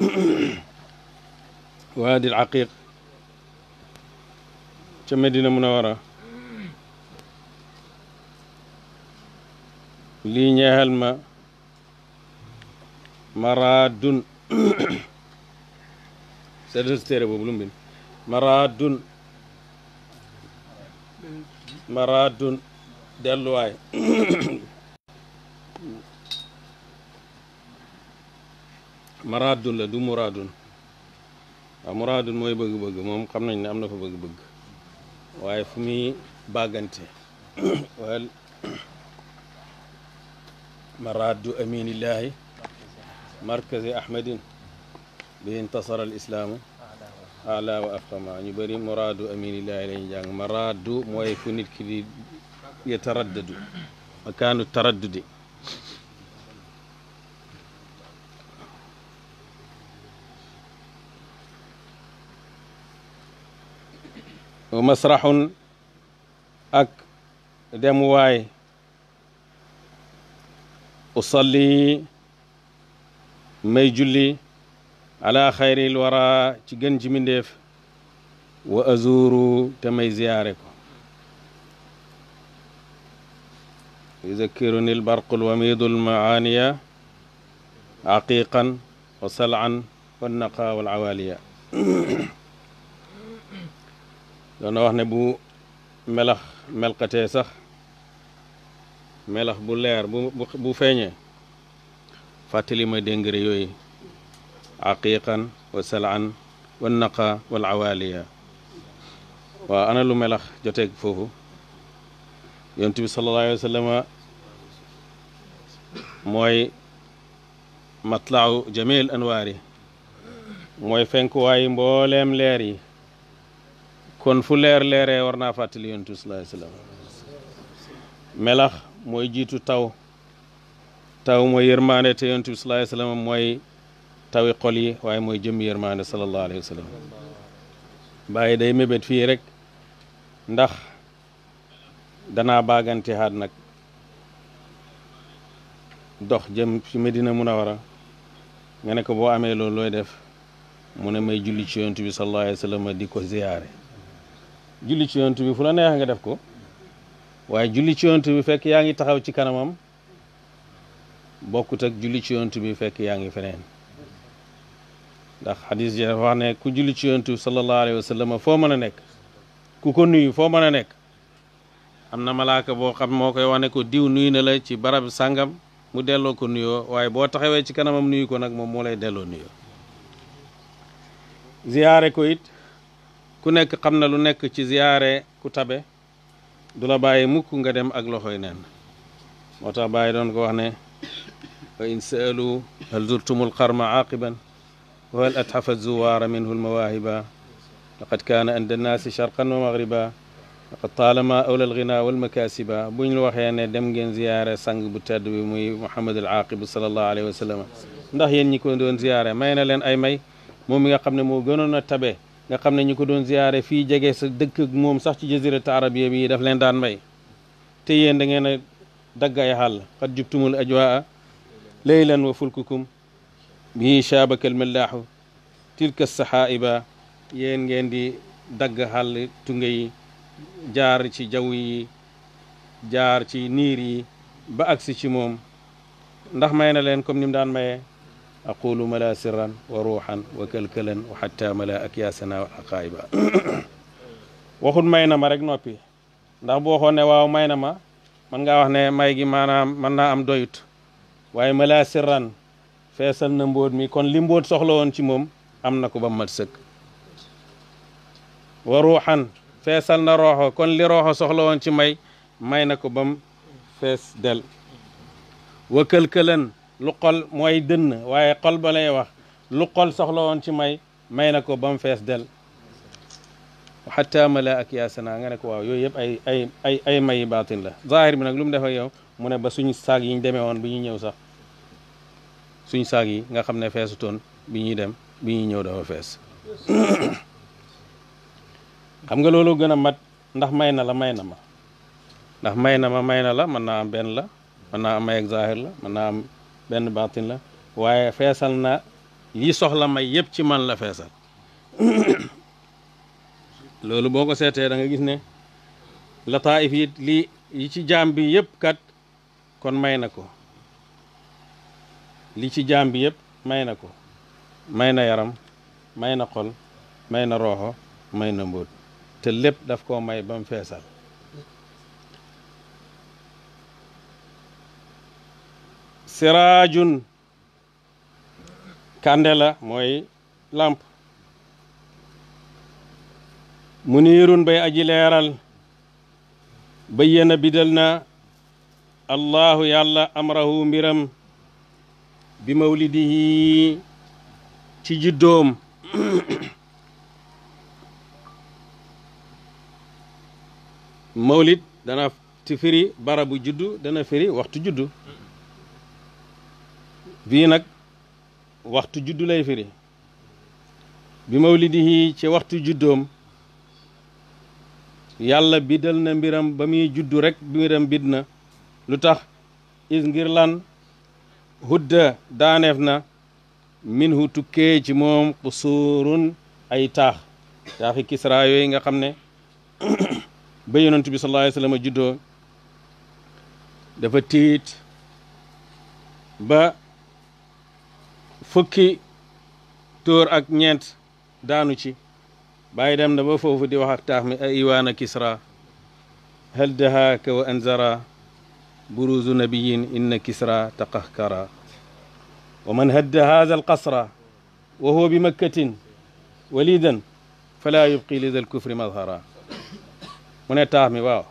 waadi al aqiq ca Medina Munawara lii ñeexal ma maraadun seetal si boobu lu mu maraadun maraadun delluwaay maraadun la du muraadun waaw muraadun mooy bëgg-bëgg moom xam nañ ne am na fa bëgg-bëgg waaye fu muy bàggante wal maraadu aminillahi markazi ahmadin bi intasara al wa afxama ñu bëri muraadu aminillahi la ñu jàng maraadu mooy fu nit ki di yataraddadu makaanu taraddudi masraxun ak demuwaay usalli may julli ala xayril wara ci gën ji mindeef wa azuru te may ziyaare ko yuzakkiruni lbarqul wamidul maaniya aqiqan wa salan wa naqa wal awaaliya doon na wax ne bu melax melxatee sax melax bu leer bu bu feeñee fàttali ma déngëre yooyu aqiqan wa salaan wa naqa wal awaaliya waaw ana lu melax joteeg foofu yonent bi sallallahu alayhi wa mooy matlaaw jamil anwaar mooy fenkuwaayi mbooleem leer yi kon fu leer leeree war naa fàttali yontu sallallahu melax mooy jiitu taw taw mooy yërmaande te yontu sallallahu alayhi mooy tawi xol yi waaye mooy jëm yërmaande sallallahu alayhi wasallam day mebet fii rek ndax danaa baaganti xaat nag dox jëm ci Medina Munawara nga ne ko boo amee lool looy def mu ne may julli ci yontu bi sallallahu di ko ziyaare julli ci yonent bi fu la neex nga def ko waaye julli ci yonent fekk yaa ngi taxaw ci kanamam bokkut ak julli ci yonent fekk yaa ngi feneen ndax xadis ji dafa wax ne ku julli ci yonent bi alayhi wa foo mën a nekk ku ko nuyu foo mën a nekk am na malaaka boo xam moo koy wax ne ko diw nuyu na la ci barab sàngam mu delloo ko nuyoo waaye boo taxawee ci kanamam nuyu ko nag moom moo lay delloo nuyoo ziyaare ko ku nekk xam na lu nekk ci ziyaare ku tabe du la bàyyi mukk nga dem ak loxoy neen moo tax bàyyi doon ko wax ne wa in saalu hal zurtumul xarma aqiban wa hal atxafa zuwaara minhu almawaahiba laqad kaana inda annaasi wa maghriba laqad bu ñu waxee ne dem ngeen ziyaare sang bu tedd bi muy muhammad al aaqib mi nga xam ne moo gënoon a tabe nga xam ne ñu ko doon ziyaare fii jege sa dëkk moom sax ci jaziratu arabiya bi daf leen daan may te yéen da ngeen dagg ay xàll xat jubtumul ajwaa leylan wa fulkukum bii shaabaka almallaahu tilka saxaaiba yéen ngeen di dagg xàll tunge jaar ci jaww yi jaar ci niir yi ba agsi ci moom ndax may na leen comme ni daan maye aqulu mala sirran wa ruuxan wa kalkalan wa xatta mala ak yaasana wa aqaayba waxut may na ma rek noppi ndax bu waxoon ne waaw may na ma man ngaa wax ne may gi maanaam mën naa am doyut waaye mala sirran feesal na mbóot mi kon li mbóot soxla woon ci moom am na ko ba mat sëkk wa ruuxan feesal na rooxo kon li rooxo soxla woon ci may may na ko bam fees del wa kalkalan lu xol mooy dënn waaye xol ba lay wax lu xol soxla woon ci may may na ko ba mu fees del xatta mala ak naa nga ne ko waaw yooyu yëpp ay ay ay ay la zahir bi nag lu mu def yow mu ne ba suñ saag yi ñu demee woon bi ñuy ñëw sax suñu saag yi nga xam ne feesutoon bi ñuy dem bi ñuy ñëw dafa fees xam nga loolu gën a mat ndax may na la may na ma ndax may na ma may na la mën naa am benn la mën naa am may ak la mën naa am benn baatin la waaye feesal na yi soxla may yépp ci man la feesal loolu boo ko seetee danga gis ne lataayif yi lii yi ci jaam bi yépp kat kon may na ko li ci jaam bi yëpp may na ko may na yaram may na xol may na rooxo may na mbóot te lépp daf koo may ba mu feesal siraajun kàndela mooy làmp muniirun bay aji leeral bayyana bidal na allahu yàlla amrahu mbiram bi mawlidihi ci juddoom mawlid dana ci firi barabu juddu dana firi waxtu juddu bii nag waxtu juddu lay firi bi mawlidihi ci waxtu juddoom yàlla biddal na mbiram ba muy juddu rek mbiram bid na lu tax is ngir lan hudda daaneef na minhu tukkee ci moom qusurun ay taax taaxi kisra nga xam ne ba yonent bi sallallahu alayhi wa juddoo dafa tiit ba fukki tóor ak ñeent daanu ci bàyyi dem na ba foofu di wax ak taax mi a iwaana kisra hal dahaaka wa anzara buruzu nabiyin inna kisra taqahkara wa man hadda haza alqasra wa huwa bi makkatin walidan fala yubqi li dal kufri madhara mu ne taax mi waaw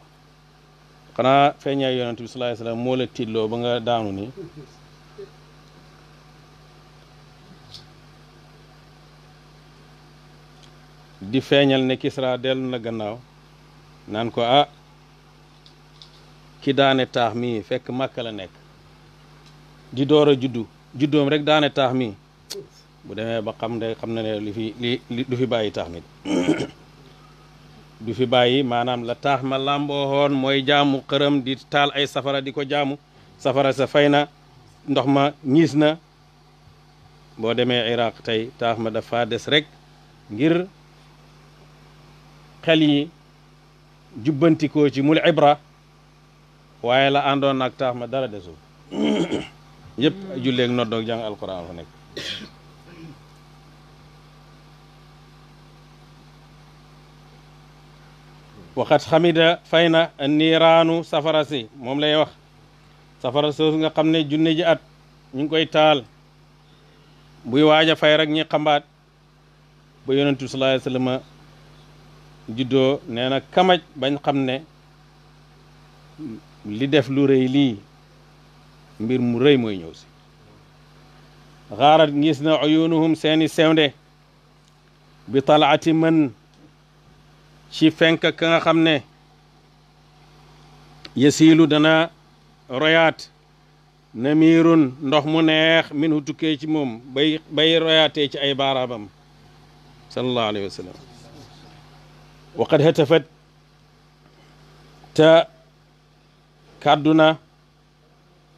xanaa feeñaay yonent bi sallallahu alayhi wa sallam moo ba nga daanu ni di feeñal ne Kisra dellu na gannaaw naan ko ah ki daane taax mi fekk Makka la nekk di door a juddu juddoom rek daane taax mi bu demee ba xam ne xam na ne li fi li du fi bàyyi taax mi du fi bàyyi maanaam la taax ma làmboo woon mooy jaamu xërëm di taal ay safara di ko jaamu safara sa fay na ndox ma ñiis na boo demee Iraq tey taax ma dafa des rek ngir xel yi jubbantikoo ci mul ibra waaye la àndoon nag taax ma dara desul yëpp julleeg noddoog jàng alquran fa nekk waxat xamida fay na niiraanu safara si moom lay wax safara soosu nga xam ne junne ji at ñu koy taal buy waaj a fay rek ñi xambaat ba yonentu sallallahu alayhi juddoo nee na kamaj bañ xam ne li def lu rëy lii mbir mu rëy mooy ñëw si xaarat gis na uyunuhum seeni sewnde bi talaati mën ci fenk ka xam ne yasiilu dana royaat namiirun ndox mu neex min hu ci moom bay royaatee ci ay baraabam sallallahu alayhi wa wa qad hatafat te kàdduna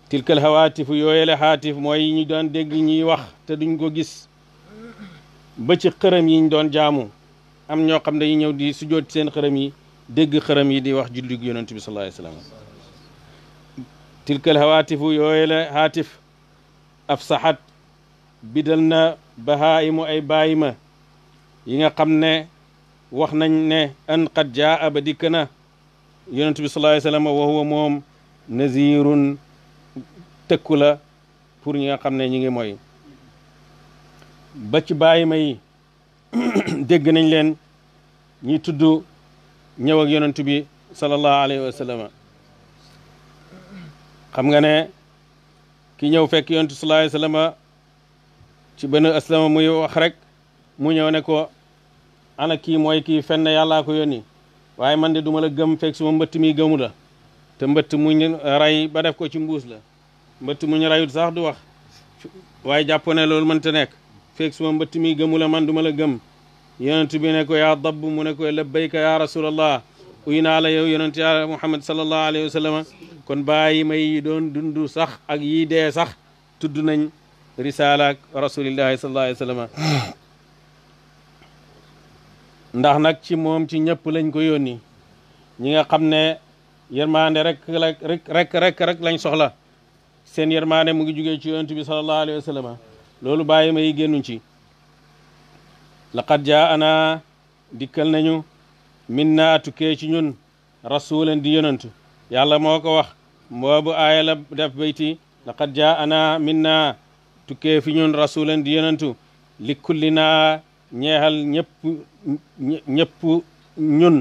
tilkal hawaatifu yooyele haatif mooy ñu doon dégg ñuy wax te duñ ko gis ba ci xërëm yi ñu doon jaamu am ñoo xam dañuy ñëw di sujjoot seen xërëm yi dégg xërëm yi di wax julli gi yonent bi sallallahu alayhi wasallam tilkal hawaatifu yooyele haatif af saxat bidal na bahaayimu ay baayima yi nga xam ne wax nañ ne an qad jaa ba dikk na yonent bi sallallahu alayhi wasallam wa huwa moom nazirun tëkku la pour ñi nga xam ne ñi ngi mooy ba ci bàyyi ma yi nañ leen ñi tudd ñëw ak yonent bi sallallahu alayhi wa sallam xam nga ne ki ñëw fekk yonent sallallahu alayhi wa sallam ci benn aslama muy wax rek mu ñëw ne ko ana kii mooy kii fenn yàllaa ko yónni waaye man de duma la gëm fekk suma mbëtt mi gëmu la te mbëtt mu ray ba ko ci mbuus la mbëtt muñ rayut sax du wax waaye jàpp ne loolu mënta nekk fekk suma mbëtt mi gëmu la man duma la gëm yonent bi ne ko ya dabb mu ne ko labbayka yaa rasulallah uy naa la yow yonent yàlla muhammad sallallahu alayhi wa sallam kon bàyyi may doon dund sax ak yii dee sax tudd nañ risaala ak rasulillahi sallallahu ndax nag ci moom ci ñëpp lañ ko yónni ñi nga xam ne yërmaande rek la rek rek rek rek lañ soxla seen yërmaande mu ngi jugee ci yonent bi sallallahu alayhi wa sallam loolu bàyyi may génnuñ ci laqad jaa ana dikkal nañu min naa tukkee ci ñun rasulan di yonent yàlla moo ko wax mboobu aaya la def bayti laqad jaa ana min naa tukkee fi ñun rasulan di yonentu li kulli naa ñeexal ñépp ñun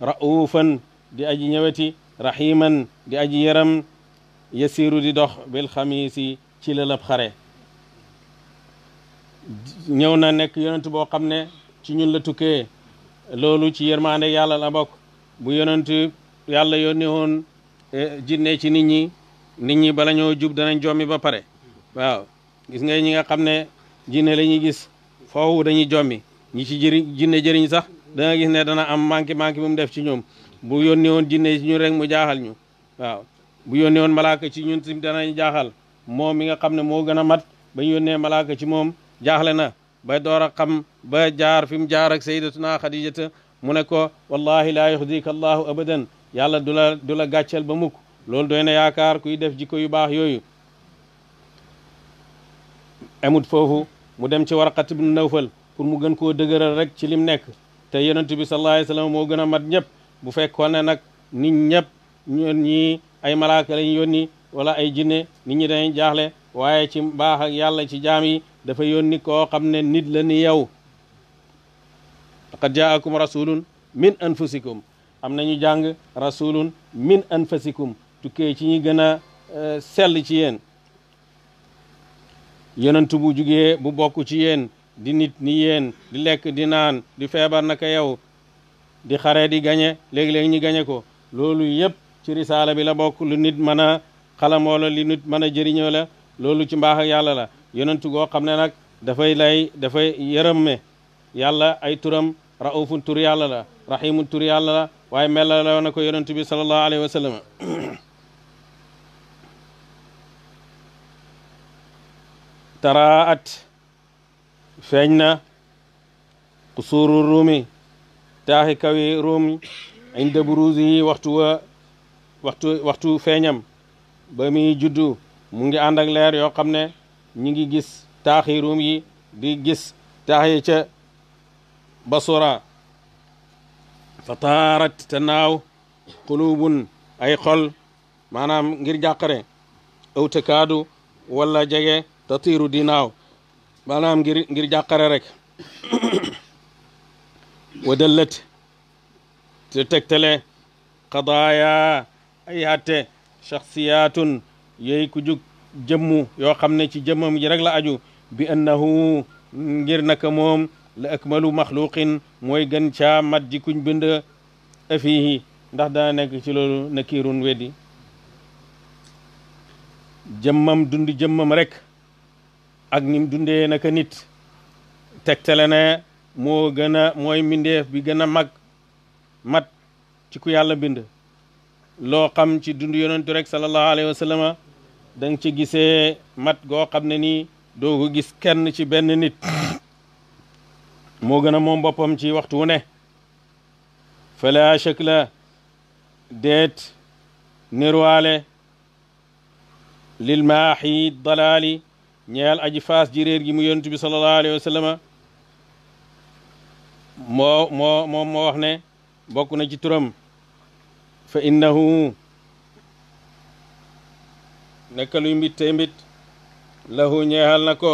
raufan di aji ñëweti rahiman di aji yaram yasiru di dox bil xamiisi ci lëlëb xare ñëw na nekk yonent boo xam ne ci ñun la tukkee loolu ci yërmaande yàlla la bokk bu yonent yàlla yónni woon e, jinne ci nit ñi nit ñi bala ñoo jub danañ jommi ba pare waaw gis nga ñi nga xam ne jinne la gis foofu dañuy jommi ñi ci jëriñ jinne jëriñ sax da nga ne dana am manqué manqué bu def ci ñoom bu yónnee woon jinne ci ñu rek mu jaaxal ñu waaw bu yónnee woon malaaka ci ñun tamit danañ jaaxal moom mi nga xam ne moo gën a mat ba ñu yónnee malaaka ci moom jaaxle na ba door a xam ba jaar fi mu jaar ak sayyidatuna xadijata mu ne ko wallahi laa yuxdika allahu abadan yàlla du la du la gàcceel ba mukk loolu doy na yaakaar kuy def jikko yu baax yooyu amut foofu mu dem ci war warqat ibn nawfal pour mu gën koo dëgëral rek ci lim nekk te yonent bi sallallahu alayhi moo gën a mat ñëpp bu fekkoon ne nag nit ñëpp ñoon ñi ay malaaka lañ yónni wala ay jinne nit ñi dañuy jaaxle waaye ci mbaax ak yàlla ci jaam yi dafa yónni koo xam ne nit la ni yow laqad jaakum rasulun min anfusikum am nañu jàng rasulun min anfusikum tukkee ci ñi gën a euh, sell ci yéen yonent bu jugee bu bokk ci yéen di nit ni yéen di lekk di naan di feebar naka yow di xare di gañe léegi-léegi ñu gañe ko loolu yëpp ci risaala bi la bokk lu nit mën a xalamoo li nit mën a jëriñoo la loolu ci mbaax ak yàlla la yonent goo xam ne nag dafay lay dafay yërëmme yàlla ay turam raufun tur yàlla la rahimun tur yàlla la waaye mellaloo na ko yonent bi sallallahu alayhi wa taraat feeñ na xusuuru ruumi taaxi kawi ruumi inde buruusi yi waxtu waxtu feeñam ba muy juddu mu ngi ànd ak leer yoo xam ne ñi ngi gis taaxi ruum yi di gis taaxi ca basora fa taarat naaw xulubun ay xol maanaam ngir jàqare aw takaadu walla jege tatiiru dinaaw maanaam ngir ngir jàqare rek wadallat te tegtale qadaaya ay atte shaxsiyaatun yooyu ku jug yoo xam ne ci jëmmam ji rek la aju bi annahu ngir naka moom la akmalu maxluqin mooy gën caa mat jikuñ kuñ bind afiihi ndax daa nekk ci loolu nakiirun weddi jëmmam dund jëmmam rek ak nim dundee naka nit tegtale ne moo mooy mbindeef bi gën a mag mat ci ku yàlla bind loo xam ci dund yonentu rek sallallahu alayhi wa sallama ci gisee mat goo xam ne nii doo gis kenn ci benn nit moo gën a moom ci waxtu wu ne fala shakla deet nirwaale lil maaxi dalaali ñeel aji faas ji gi mu yonent bi sallallahu alayhi wa moo moo moo wax ne bokk na ci turam fa innahu naka luy mbit tey mbit lahu ñeexal na ko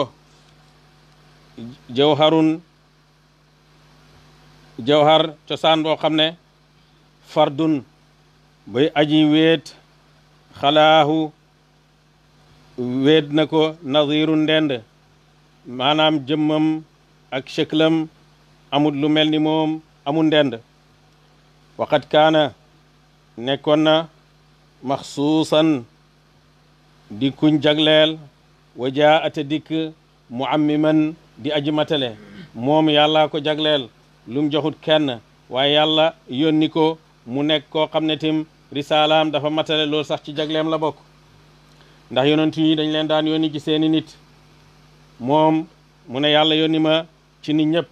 jawharun jawhar cosaan boo xam ne fardun bay aji weet xalaahu weet na ko nadiru ndend maanaam jëmmam ak shëklam amul lu mel ni moom amul ndend waqat kaana nekkoon na maxsuusan di kuñ jagleel wa jaa ata dikk mu ammiman di aji matale moom yàlla ko jagleel lum joxut kenn waaye yàlla yónni ko mu nekk koo xam ne tim risaalaam dafa matale loolu sax ci jagleem la bokk ndax yonent yi dañ leen daan yónni ci seeni nit moom mu ne yàlla yónni ma ci nit ñëpp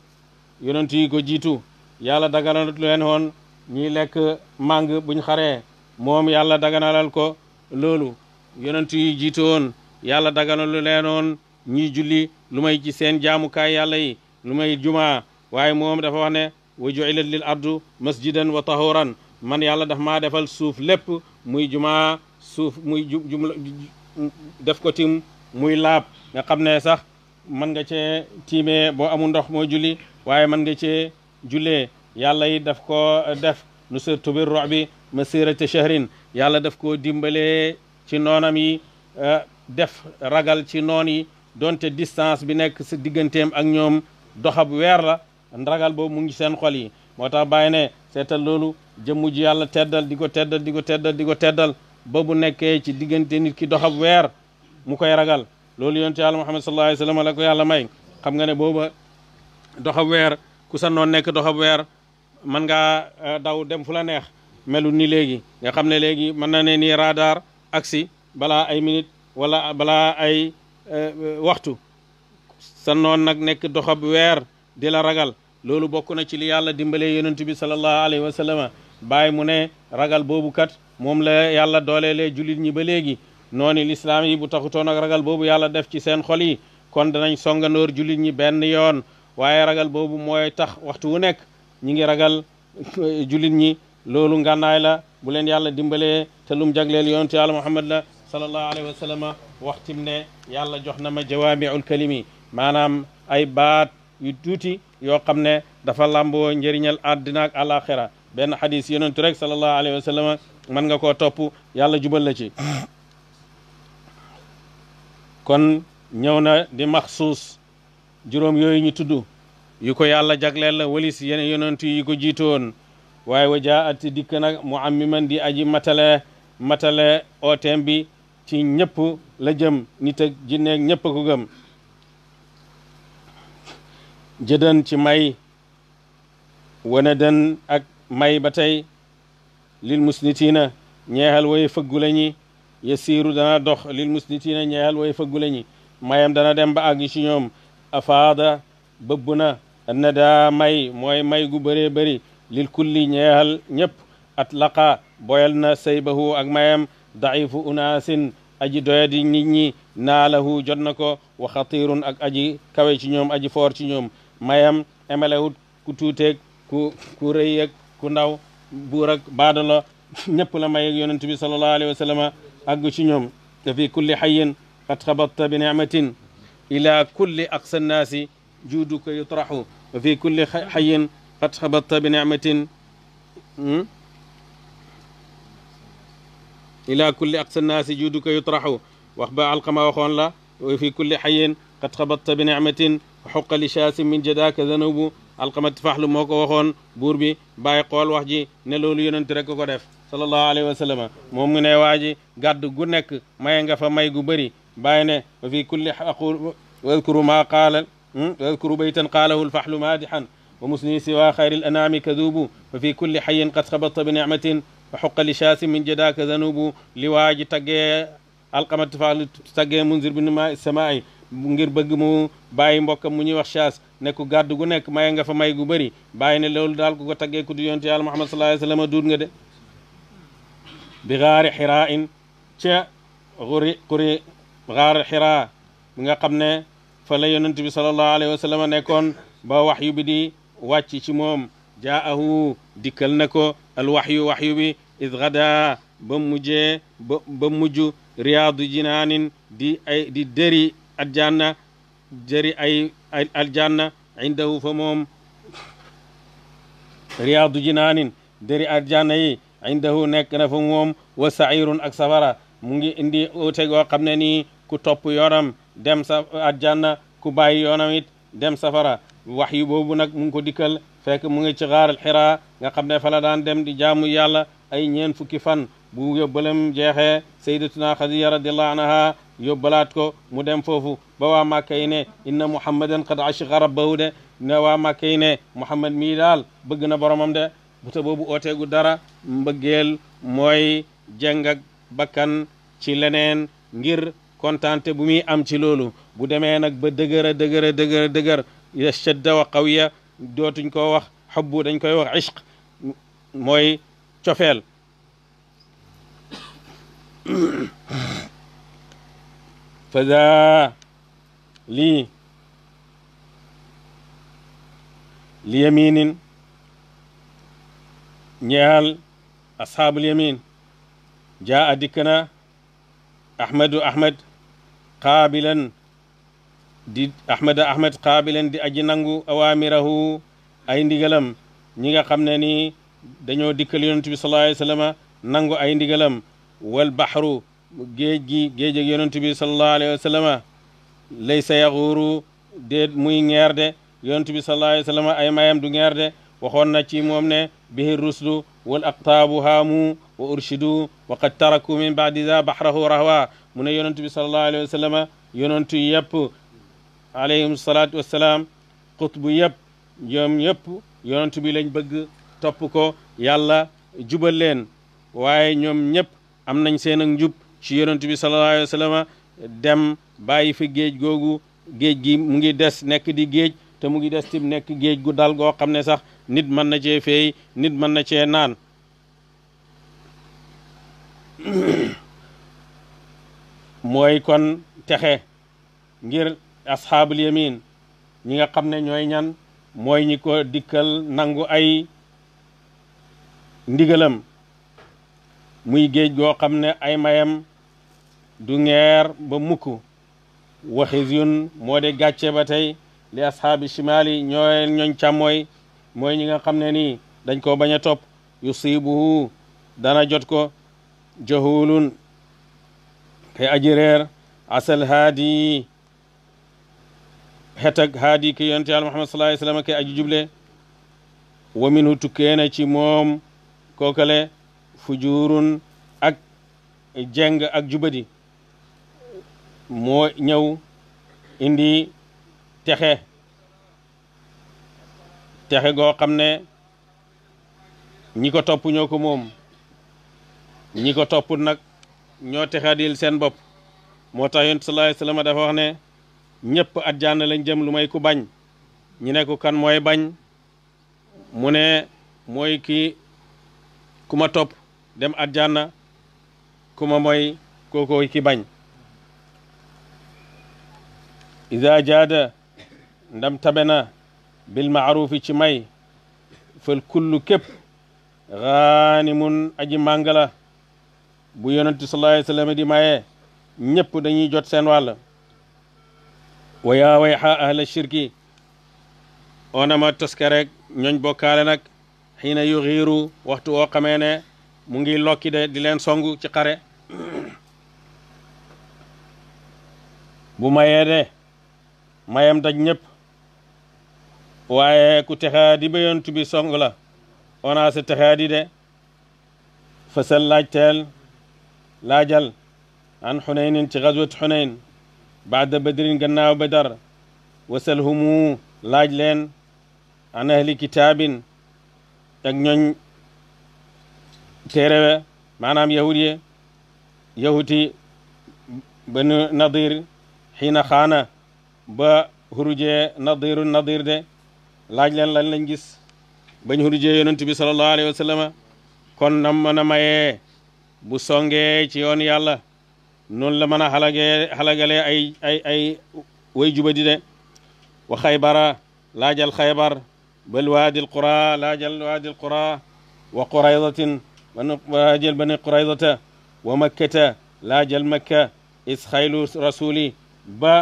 yonent yi ko jiitu yàlla daganal leen woon ñiy lekk màng buñ xaree moom yàlla daganalal ko loolu yonent yi jiitu woon yàlla daganalu leen woon ñiy julli lu may ci seen jaamukaay yàlla yi lu may jumaa waaye moom dafa wax ne wa ju'ilat lil ardu masjidan wa tahuran man yàlla daf maa defal suuf lépp muy jumaa suuf muy jumla def ko tim muy laab nga xam ne sax mën nga cee tiimee boo amul ndox moo julli waaye mën nga cee jullee yàlla yi def ko def nu surtu bir rox bi masirata shahrin yàlla def koo dimbalee ci noonam yi eh, def ragal ci noon yi donte distance bi nekk sa digganteem ak ñoom doxab weer la ragal boo mu ngi seen xol yi moo tax bàyyi ne seetal loolu jëmmu ji yàlla teddal di ko teddal di ko teddal di ko teddal bobu bu nekkee ci diggante nit ki doxab weer mu koy ragal loolu yonent yàlla Muhammad sallallahu alayhi wa sallam la ko yàlla may xam nga ne booba doxab weer ku sa noon nekk doxab weer man ngaa euh, daw dem fu la neex melu ni léegi nga xam ne léegi mën na ne nii radar aksi balaa ay minit wala balaa ay euh, waxtu sa noon nag nekk doxab weer di la ragal loolu bokk na ci li yàlla dimbalee yonent bi sallallahu alayhi wa sallam bàyyi mu ne ragal boobu kat moom la yàlla dooleelee julit ñi ba léegi noonu lislaam yi bu taxutoon ak ragal boobu yàlla def ci seen xoli yi kon danañ songandoor jullit ñi benn yoon waaye ragal boobu mooy tax waxtu wu nekk ñi ngi ragal julit ñi loolu ngànnaay la bu leen yàlla dimbalee te lum jagleel yonentu yàlla muhammad la sallallahu alayhi wa sallama waxtim ne yàlla jox na ma jawaamiul kalimi maanaam ay baat yu tuuti yoo xam ne dafa làmboo njëriñal àddina ak àlaxira benn xadis yonentu rek sallallahu alayhi wa sallama mën nga koo topp yàlla jubal la ci kon ñëw na di maxsuus juróom yooyu ñu tudd yu ko yàlla jagleel la walis yeneen yonent yi ko jiitoon waaye wa jaat dikk nag mu man di aji matale matale ooteem bi ci ñëpp la jëm nit ak jinneeg ñëpp ko gëm jëdan ci may wane den ak may ba tey lil musnitiina ñeexal way fëggule ñi yasiiru dana dox lil musnitiina ñeexal way fëggule ñi mayam dana dem ba àgg ci ñoom afaada bëbb na na may mooy may gu bëree bëri lil kulli ñeexal ñëpp laka boyal na saybahu ak mayam daifu unaasin aji doyadi nit ñi naalahu jot na ko wa xatirun ak aji kawe ci ñoom aji foor ci ñoom mayam emelewut ku tuuteeg ku ku ku ndaw buur ak baadala ñëpp la may yonent bi sallallahu alayhi wa sallam àgg ci ñoom te fi kulli xayin qad xabatta bi nicmatin ila kulli aqsa nnaasi juuduka yutraxu wa fi kulli xayin qad xabatta bi nicmatin hmm? ila kulli aqsa nnaasi juuduka yutraxu wax ba alqama waxoon la wa fi kulli xayin qad xabatta bi nicmatin wa xuqa li shaasin min jadaaka danubu alqamat faxlu moo ko waxoon buur bi bàyyi xool wax ji ne loolu yonent rek ko def sallallahu alayhi wa sallam moom mu ne waa ji gàdd gu nekk may nga fa may gu bëri bàyyi ne wa fi kulli aqul wadkuru maa qaala hmm? wadkuru baytan qaalahu alfaxlu maadixan wa musni siwa xayri alanaami kaduubu wa fi kulli xayin qad xabatta bi nicmatin wa xuqa li shaasin min jadaaka zanubu li waa ji taggee alqamat faxlu taggee munzir bi nu maa samaai ngir bëgg mu bàyyi mbokkam mu ñuy wax chaas ne ku gu nekk may nga fa may gu bëri bàyyi ne loolu daal ku ko taggee ku du yonte yàlla muhammad sallallahu alayhi wasallam duut nga de bi xaari xiraa in ca xuri xuri nga xam ne fa la yonent bi sallallahu alayhi wasallam nekkoon ba wax yu bi di wàcc ci moom jaahu dikkal na ko al waxyu waxyu bi id gada ba mujjee ba ba mujj riyaadu di ay aljanna jëri ay aljanna indahu fa moom riyaadu jinaanin dëri aljanna yi indahu nekk na fa moom wa sairun ak safara mu ngi indi ute goo xam ne nii ku topp yoonam dem ku bàyyi yoonam it dem safara wax yu boobu nag mu ngi ko dikkal fekk mu ngi ci xaaral xiraa nga xam ne fa daan dem di jaamu yàlla ay ñeen fukki fan bu yóbbalam jeexee sayyidatuna Xadiija radiyallahu anha yóbbalaat ko mu dem foofu ba waa Màkka yi ne inna muhammadan qad ashiqa rabbahu de ne waa Màkka yi ne muhammad mii daal bëgg na boromam de bu ta boobu ooteegu dara mbëggeel mooy jëng ak bakkan ci leneen ngir kontaante bu muy am ci loolu bu demee nag ba dëgëra dëgëra dëgëra dëgër shadda wa qawiya dootuñ ko wax xobbu dañ koy wax ishq mooy cofeel faza lii li yaminin ñaal asxaabul yamin jaa a dikk na ahmadu qaabilan di aji nangu awaamirahu ay ndigalam ñi nga xam ne ni dañoo dikkal yonent nangu ay ndigalam wal baxru géej gi géej ak yonent bi sallallahu alayhi wa sallam laysa muy ngeer de yonent bi sallallahu ay mayam du ngeer de waxoon na ci moom ne bihi ruslu wal aqtaabu haamu wa urshidu wa qad taraku min baadi za bahrahu rahwa mu ne yonent bi sallallahu alayhi wa sallam yonentu yëpp alayhim salaatu bi lañ bëgg topp ko yàlla jubal leen waaye ñoom ñëpp am nañ seen ak njub ci yonent bi sallallahu alayhi dem bàyyi fi géej googu géej gi mu ngi des nekk di géej te mu ngi des tim nekk géej gu dal goo xam ne sax nit mën na cee feey nit mën na cee naan mooy kon texe ngir asxaabul yamin ñi nga xam ne ñooy ñan mooy ñi ko dikkal nangu ay ndigalam muy géej goo xam ne ay mayam du ngeer ba mukk waxis yun moo gàcce ba tey li ashaabi shimali ñooy ñooñ càmmooy mooy ñi nga xam ne nii dañ koo bañ a topp yusibuhu dana jot ko jahulun kay aji reer asal haadi xetag haadi ki yonte yàlla muhammad sallallahu alayhi wasallam kay juble wa minhu tukkee ci moom kookale fujurun ak jeng ak jubadi moo ñëw indi texe texe goo xam ne ñi ko topp ñoo ko moom ñi ko topp nag ñoo texadil seen bopp moo tax yonent sallallahu alayhi wasallam dafa wax ne ñëpp àjjana lañ jëm lu may ku bañ ñu ne ko kan mooy bañ mu ne mooy kii ku ma topp dem àjjana ku ma mooy kookooy ki bañ ida jaada ndam tabena na bil maarufi ci may fal kullu képp xaanimun aji màngala bu yonente sallallahu alayhi di maye ñëpp dañuy jot seen wàll wa yaa way xa ahla shirki onama taskarek ñooñ bokkaale nag xiina yu xiiru waxtu woo xamee mu ngi lokki de di leen song ci xare bu mayee de mayam dañ ñëpp waaye ku texaa di ba yontu bi song la onaa sa texaa di de fasal laajteel laajal an xunaynin ci xaswat xunayn baada badrin gannaaw badar wasal humu laaj leen an ahli kitaabin ak ñooñ téerewe maanaam yahud ye yahuti banu nadir xiina xaana ba xurujee nadiru nadir de laaj leen lan lañ gis bañ xurujee yonent bi sallallahu alayhi kon nam mën a mayee bu songe ci yoon yàlla noonu la mën a xalagee ay way juba de wa xaybara laajal xaybar bal waadil qura laajal waadil qura wa quraydatin laajal bani quraydata wa makkata laajal makka is xaylu ba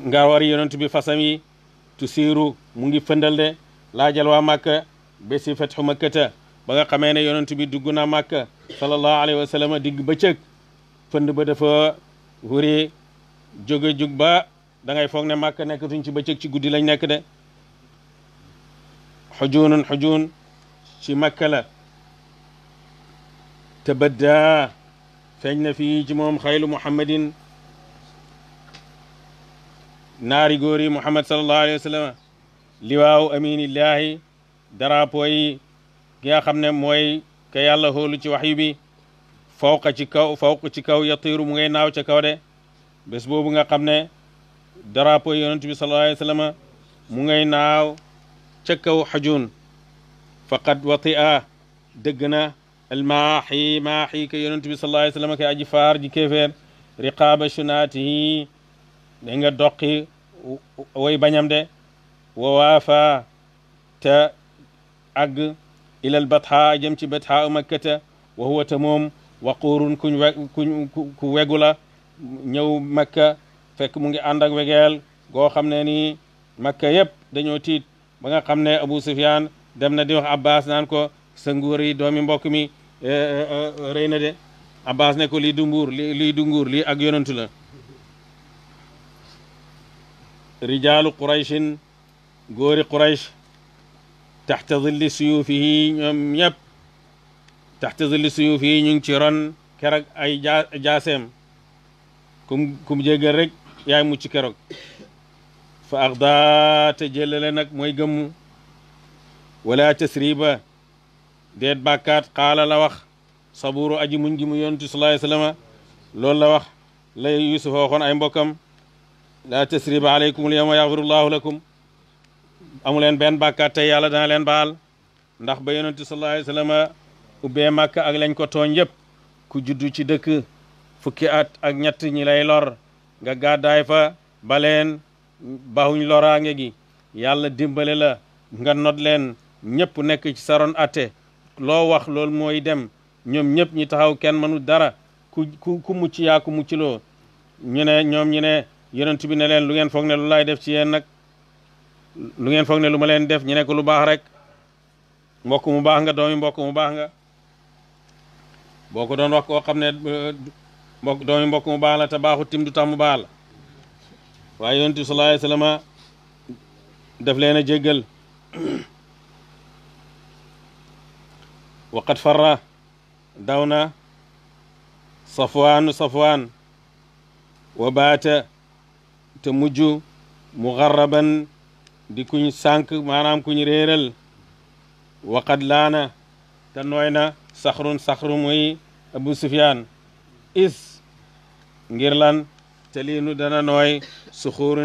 ngaawar yonent bi fasam yi tusiiru mu ngi fëndal de laajal waa màkka ba si fatxu makkata ba nga xamee ne yonent bi dugg naa màkka sallallahu alayhi wa digg bëccëg fënd ba dafa wuri jóge jóg ba da ngay foog ne màkka nekkatuñ ci bëccëg ci guddi lañ nekk de xujunun xujun ci makka la te baddaa feeñ na fii ci moom xaylu muhammadin naari góor yi muhammad sallallahu alayhi wa sallam liwaawu aminillahi darapo yi gi nga xam ne mooy ka yàlla xoolu ci waxyu bi fawqa ci kaw fawqa ci kaw yatiiru mu ngay naaw ca kaw de bés boobu nga xam ne darapo yi yonent bi sallallahu alayhi wa sallam mu ngay naaw ca kaw xajun faqad wati a dëgg na almaaxi maaxi ka yonent bi sallallahu alayhi wa sallam ka aji faar ji kéeféer riqaaba sunaatihi da nga doqi way bañam de wa waafa te àgg ilal batha jëm ci batha makkata wa huwa te moom waquurun kuñ we ku wegu la ñëw makka fekk mu ngi ànd ak wegeel goo xam ne nii makka yépp dañoo tiit ba nga xam ne Abu Sufyaan dem na di wax Abbas naan ko sa nguur yi doomi mbokk mi eh, eh, eh, rëy na de Abbas ne ko lii du nguur lii du nguur lii ak yonantu rijaalu qurayshin góori quraysh taxta zilli suyuufihi ñoom ñëpp taxta zilli suyuufihi ñu ngi ci ron keroog ay jaaseem kum kum jéggal rek yaay mucc keroog fa axdaa te jëlale nag mooy gëmmu wala tasriba deet bàkkaat xaala la wax saburu aji muñ gi mu yontu sallallahu alayhi wa sallam loolu la wax la Yuusuf waxoon ay mbokkam laa tasriba aleykum alyawma yaxfirullahu lakum amu leen benn bàkkaat tey yàlla dana leen baal ndax ba yonente sallallahu alayhi wasallam ubbee màkk ak lañ ko tooñ yëpp ku juddu ci dëkk fukki at ak ñett ñi lay lor nga gàddaay fa baleen baaxuñ loraange gi yàlla dimbale la nga not leen ñëpp nekk ci saron atte loo wax loolu mooy dem ñoom ñëpp ñi taxaw kenn mënu dara ku ku ku mucc yaa ku muccloo loo ne ñoom ñu yonent bi ne leen lu ngeen foog ne lu laay def ci yéen nag lu ngeen foog ne lu ma leen def ñu ne lu baax rek mbokk mu baax nga doomi mbokk mu baax nga boo ko doon wax koo xam ne mbokk doomi mbokk mu baax la te baaxut tim du tax mu baax la waaye yonent bi sallallahu alayhi leen a jéggal waqat farra daw na safwaanu safwaan wa baata te mujj mu xarraban di kuñ sànq maanaam kuñ réeral waqad laana te nooy na saxrun saxru muy abu sufyaan is ngir lan te liinu dana nooy suxuuru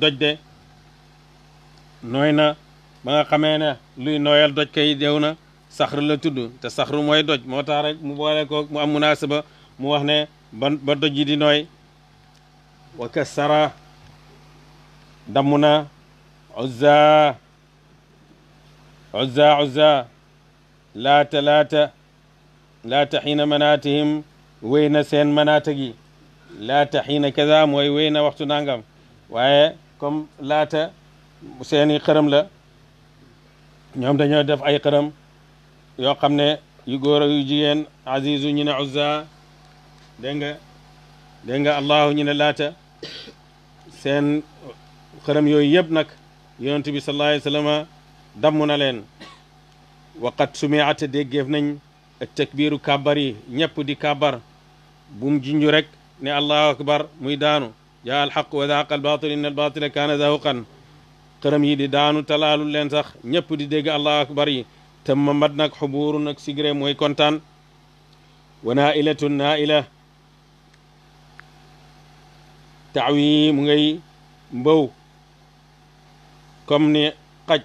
doj de nooy na ba nga xamee ne luy nooyal doj kay dew na saxr la tudd te saxru mooy doj moo tax rek mu boole ko mu am munaasaba mu wax ne ba doj yi nooy wa kassara damm na uzza uzza laata laata laata xiina manaatihim wéy na seen manaata gi laata xiina kaza mooy wéy na waxtu nangam waaye comme laata seeni xërëm la ñoom dañoo def ay xërëm yoo xam ne yu yu jigéen azizu ñu ne uzza dégg nga dégg nga ñu ne laata seen xërëm yooyu yëpp nag yonent bi sallallahu alayhi na leen waqat sumiata déggeef nañ takbiiru kàbbar yi ñëpp di kàbbar bum jinju rek ne allahu akbar muy daanu jaa alxaq wa albaatil inna albaatila kaana zahuqan xërëm yi di daanu talaalul leen sax ñëpp di dégg allahu akbar yi te mamat nag xubuuru nag sigré mooy kontaan wa nailatun naila taaw yi mu ngay mbow kom ni xaj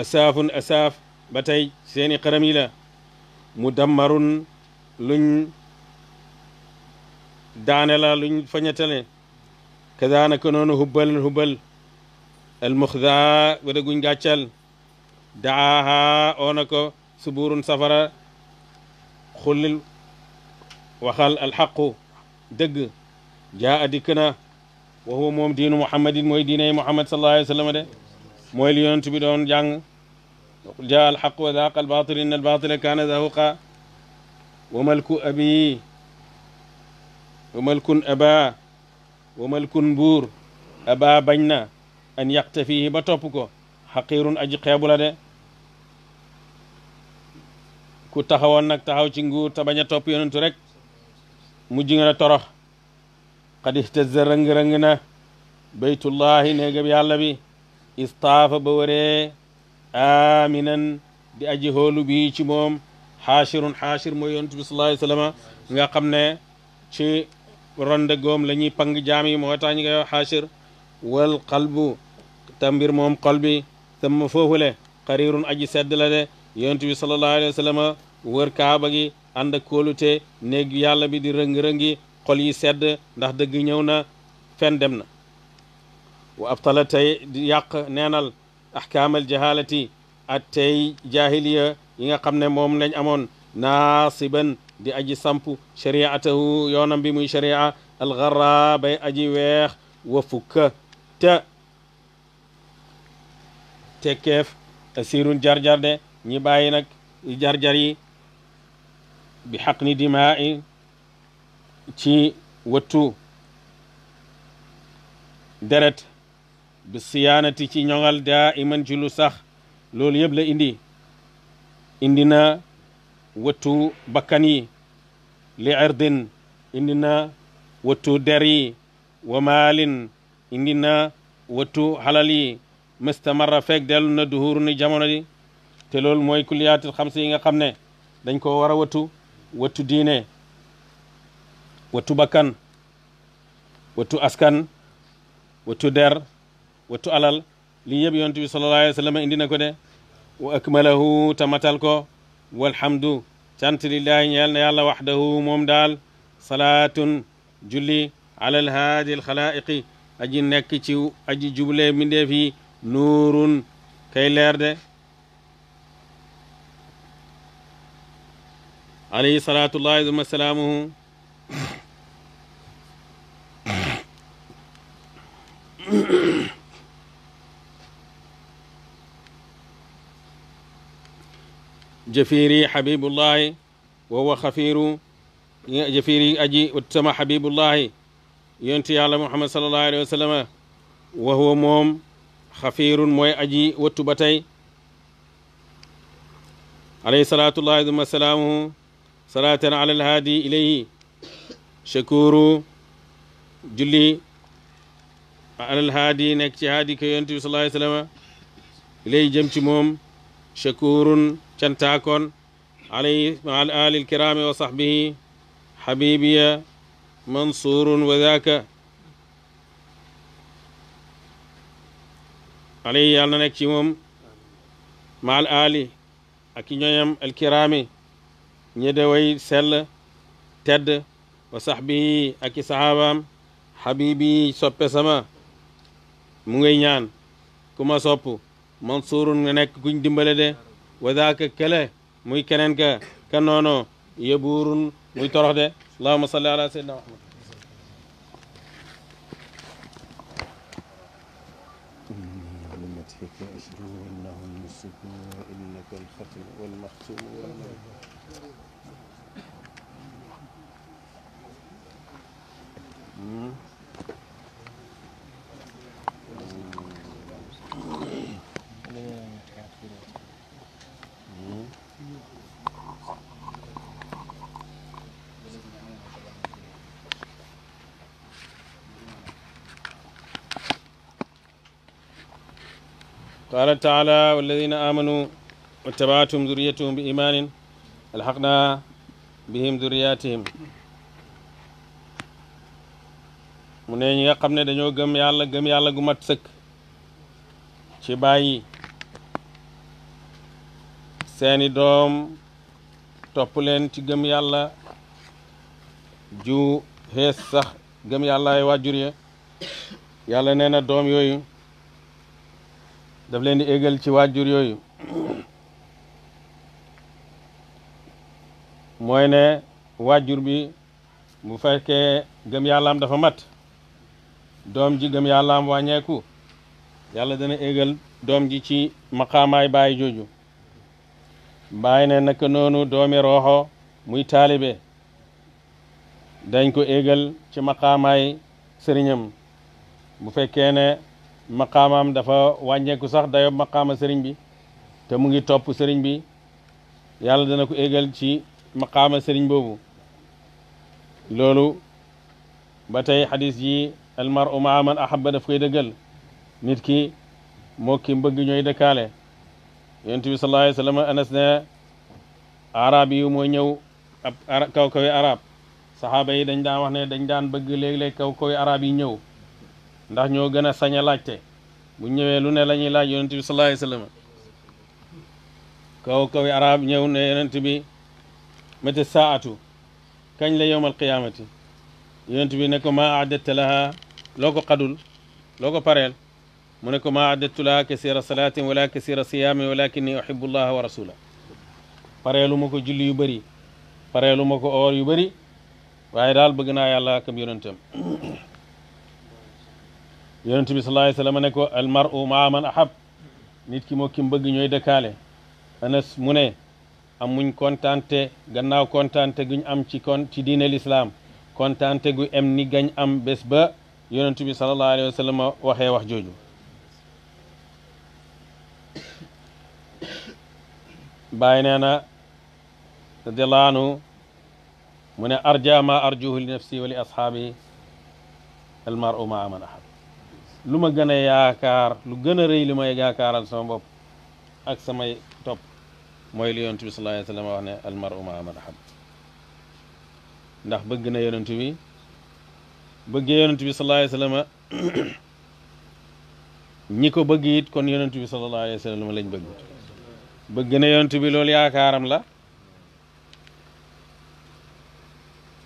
asaafun asaaf ba tey seeni xaram mu dammarun luñ daane luñ fañatale kadanaka noonu hubbal hubbal almuxda wada guñ gàccal daaha oona ko suburun safara xullil waxal alxaqu dëgg jaa a dikk na wa huwa moom diinu muhammadin mooy diiney muhammad sallallahu alayhi wa sallam de mooy li yonent bi doon jàng jaa alxaq wa zaaqa albaatil inna albaatila kaana zahuqa wa malku abi wa malkun aba wa malkun buur aba bañ na an yaqtafihi ba topp ko xaqiirun aji xeebu la de ku taxawoon nag taxaw ci nguur te bañ a topp yonentu rek mujj nga toro torox xad ihtazza rëng-rëng na baytullahi néegab yàlla bi istaafa ba waree aminan di aji hoolu bii ci moom xaashirun xaashir mooy yontu bi sallallahu nga xam ne ci ronde goom la ñuy pang jaam yi moo tax ñu koy wax xaashir wal qalbu tambir moom xol bi sama foofule xariirun aji sedd la de yontu bi sallallahu kaaba gi ànd ak kóolute néeg yàlla bi di rëng-rëngi xol yi sedd ndax dëgg ñëw na fen dem na wa abtala tey di yàq neenal ahkaamal jahalati ak tey yi nga xam ne moom lañ amoon naasiban di aji sampu samp shariatahu yoonam bi muy sharia algarra bay aji weex wa fukka te tekkeef asirun jarjar de ñi bàyyi nag jarjar yi bi xaq ni dimaa i ci wattu deret bi siyaanati ci ñoŋal daa iman ci sax loolu yëpp la indi indi na wattu bakkan yi li ardin indi na wattu der yi wa maalin indi na wattu xalal yi mustamara feeg dellu na duhuru ni jamono di te loolu mooy kulliyaatil xamsa yi nga xam ne dañ ko war a wattu wattu diine wattu bakkan wattu askan wattu der wattu alal li yëpp yonent bi sallallahu alayhi wa ko de wa akmalahu tamatal ko walhamdu cant lillahi ñeel na yàlla moom daal salaatun julli alal haadi al aji nekk ci aji juble mindeef yi nuurun kay alayhi salaatullahi wa salaamuhu jëfiiri xabibullahi wa huwa xafiiru jëfiiri aji sama xabibullahi yonti yàlla muhammad salallahu alayhi wa sallam wa huwa moom xafiirun mooy aji wattu ba tey alayhi salaatullahi wa salaamuhu salaatan ala alhaadi ilayhi shakuru julli ala alhaadi nekk ci haadi ko yonent bi sallallahu alayhi wa sallam ilayhi jëm ci moom shakurun cantaakoon alayhi ma al ali alkiraami wa sahbihi habibiya mansurun wa zaaka alayhi yàlla na nekk ci moom ma al ali ak ñooñam alkiraami ñi de way sell tedd wa sahbihi ak i sahabaam habibi soppe sama mu ngay ñaan ku ma sopp mansurun nga nekk kuñ dimbale de wa daaka muy keneen ka ka noono yebuurun muy torox de allahuma salli ala sayyidina muhammad qala taala walladina amanu wattabaatum zurriyatuhum bi imanin alhaqna bihim zurriyatihim mu ne ñi nga xam ne dañoo gëm yàlla gëm yàlla gu mat sëkk ci bàyyi seeni doom topp leen ci gëm yàlla ju xees sax gëm yàllaay waajur ya yàlla nee na doom yooyu daf leen di égal ci waajur yooyu mooy ne waajur bi mu fekkee gëm yàllaam dafa mat doom ji gëm yàllaam wàññeeku yàlla dana égal doom ji ci maqaamaay baay jooju baay ne naka noonu doomi rooxo muy taalibe dañ ko égal ci maqaamaay sëriñam bu fekkee ne maqaamaam dafa wàññeeku sax dayo maqaama sëriñ bi te mu ngi topp sëriñ bi yàlla dana ko eggal ci maqaama sëriñ boobu loolu ba tey xadis yi almar u maa man ahaba daf koy dëggal nit ki moo ki mbëgg ñooy dëkkaale yonent bi arab yi mooy ñëw ab kaw kawi arab saxaaba yi dañ daan wax ne dañ daan bëgg léeg-léeg kaw kawi arab yi ñëw ndax ñoo gën a sañ laajte bu ñëwee lu ne la ñuy laaj yonent bi sallallahu ñëw ne yonent bi mata saatu kañ la yowmal qiyaamati yonent bi ne ko maa addatta laha loo ko xadul loo ko pareel mu ne ko ma addattu laha kasira salaatin wala kasira siyaamin walakinni uhibbu llaha wa rasula pareelu ma ko julli yu bëri pareelu ko oor yu bëri waaye daal bëgg naa yàlla akam yonentam yonent bi sallallahu alayhi wasallam ne ko al mar'u maa ahab nit ki moo ki mu bëgg ñooy dëkkaale anas mu ne amuñ kontante gannaaw kontante guñ am ci kon ci diine lislaam kontante gu em ni gañ am bés ba yonent bi alayhi wasallam waxee wax jooju bàyyi nee na radiallahu anhu mu ne arja ma arjuhu li nafsi wa li ashaabi al mar'u maa ahab lu ma gën a yaakaar lu gën a rëy li may yaakaaral sama bopp ak samay topp mooy li yonent bi sallallahu alayhi wa sallam wax ne almaru maa man ndax bëgg na yonent bi bëggee yonent bi sallallahu ñi ko bëgg it kon yonent bi sallallahu alayhi wa sallam lañ bëgg bëgg na yonent bi loolu yaakaaram la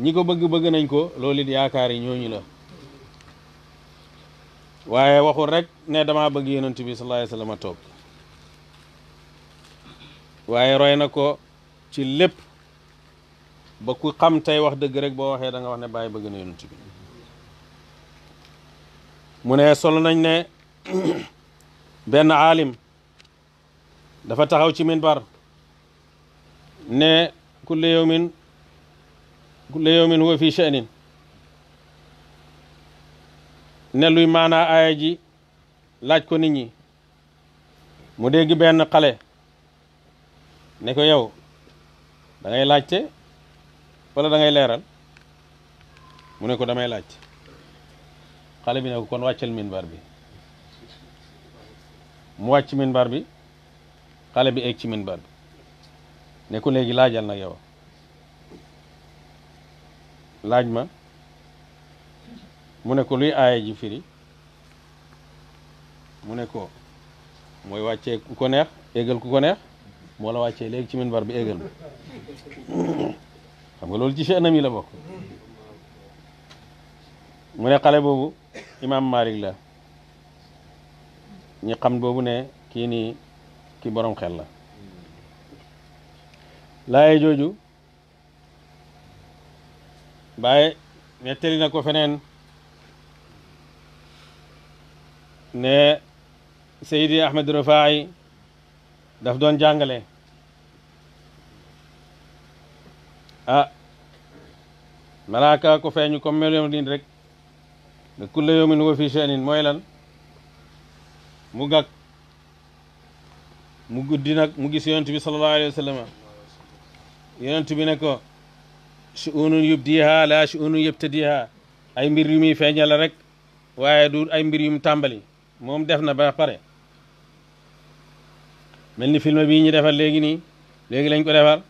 ñi ko bëgg bëgg nañ ko loolu it yaakaar yi ñooñu la waaye waxul rek ne dama bëgg yonent bi sallallahu alayhi wa sallam toog waaye roy na ko ci lépp ba ku xam tey wax dëgg rek boo waxee da nga wax ne bàyyi bëgg na yonent bi mu ne solo nañ ne benn aalim dafa taxaw ci minbar ne kulli yawmin kulli yawmin huwa fi sha'nin ne luy maanaa aaya ji laaj ko ni ñi mu dégg benn xale ne ko yow da laajte walla dangay leeral mu ne ko damay laajte xale bi ne ko kon wàccal minbar bi mu wàcc minbar bi xale bi egg ci minbar bi ne ko léegi laajal nag yow laaj ma mu ne ko luy aaya ji firi mu ne ko mooy wàccee ku ko neex éegal ku ko neex moo la wàccee léegi ci minbar bi éegal bi xam nga loolu ci chenam yi la bokk mu ne xale boobu imaam Malik la ñi xam boobu ne kii nii ki borom xel la laaye jooju bàyyi nettali na ko feneen ne Seydi Ahmed Rafai daf doon jàngale a ah, malaaka ko feeñu comme melo rek ne kulla yawmin huwa fi sha'nin mooy lan mu gàkk mu guddi nag mu gis bi sallallahu alayhi wa sallam bi ne ko shu'unun yubdiha la shu'unun yabtadiha ay mbir yu muy feeñal rek waaye du ay mbir yu mu tàmbali moom def na ba pare mel ni film bii ñu defar léegi nii léegi lañ ko defar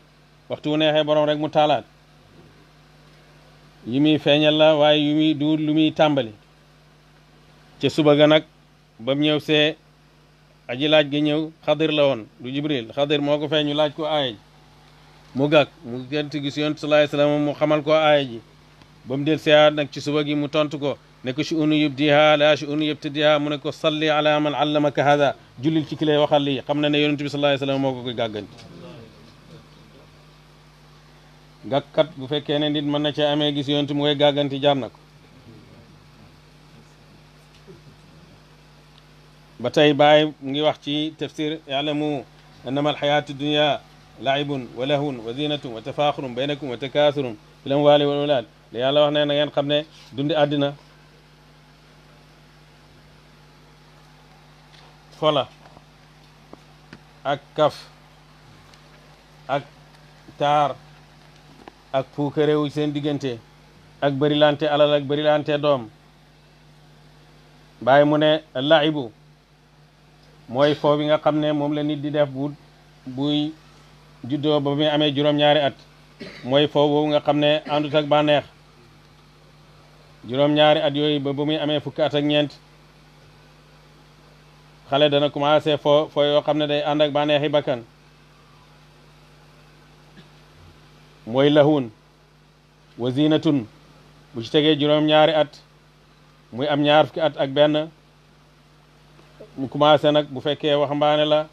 waxtu neexee boroom rek mu taalaat yu muy feeñal la waaye yu muy duur lu muy tàmbali ca suba ga nag ba ñëw see aji laaj gi ñëw xadir la woon du jibril xadir moo ko feeñu laaj ko aaya ji mu gàkk mu gént gis yonent salaay mu xamal ko aaya ji ba mu del seeyaat nag ci suba gi mu tontu ko ne ko chuunu yubdiha la chuunu yubtadiha mu ne ko salli ala man allamaka hada jullil ci ki lay waxal lii xam na ne yonent bi sallallahu alayhi wa sallam moo ko koy gàgganti gàkkat bu fekkee ne nit mën na cee amee gis yonent mu koy gàgganti jaar na ko ba tey Baay mu ngi wax ci tafsir i'lamu annama alxayaatu dunya laibun wa lahun wa zinatun wa tafaaxurun baynakum wa takaasurum fil amwaali wal awlaad la yàlla wax ne na ngeen xam ne dundi àddina fola ak kaf ak taar ak puukarewu seen diggante ak bërilante alal ak bërilante doom bàyyi mu ne laibu mooy foo bi nga xam ne moom la nit di def bu buy juddoo ba muy amee juróom-ñaari at mooy foo nga xam ne àndut ak bànneex juróom-ñaari at yooyu ba ba muy amee fukki at ak ñeent xale dana commencé foo foo yoo xam ne day ànd ak bànneexi bakkan mooy lahun wa zinatun bu ci tegee juróom-ñaari at muy am ñaar fukki at ak benn mu commencé nag bu fekkee waxambaane la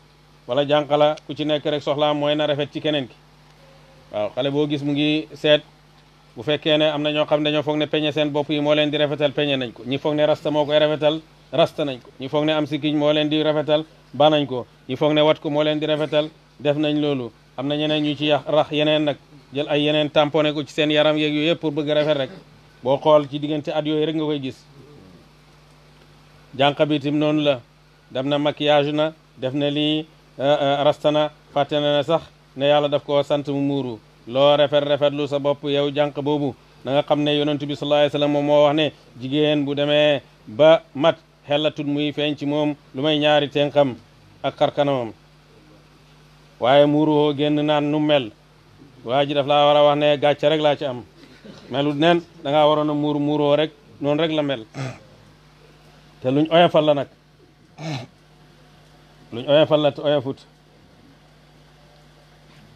wala jànq la ku ci nekk rek soxlaam mooy na rafet ci keneen ki waaw xale boo gis mu ngi seet bu fekkee ne am na ñoo xam ne dañoo foog ne peñe seen bopp yi moo leen di rafetal peñe nañ ko ñi foog ne rasta moo koy rafetal rasta nañ ko ñu foog ne am sikkiñ moo leen di rafetal ba nañ ko ñu foog ne wat ko moo leen di rafetal def nañ loolu am na ñeneen ñu ci yàq rax yeneen nag jël ay yeneen tamponné ko ci seen yaram yeeg yooyu yëpp pour bëgg rafet rek boo xool ci diggante at yooyu rek nga koy gis jànq bi tim noonu la dem na maquillage na def na lii euh, euh, rasta na fàtte na ne sax ne yàlla daf ko sant mu muuru loo rafet rafetlu sa bopp yow jànq boobu na xam ne yonent bi sallallahu moom moo wax ne bu demee ba xellatut muy feeñ ci moom lu may ñaari tenqam ak xarkanamam waaye muuruwoo genn naan nu mel waa ji daf laa war a wax ne rek laa ci am melu nen da ngaa waroon a muur muuroo rek noonu rek la mel te luñ oyofal la nag luñ oyofal la te oyofut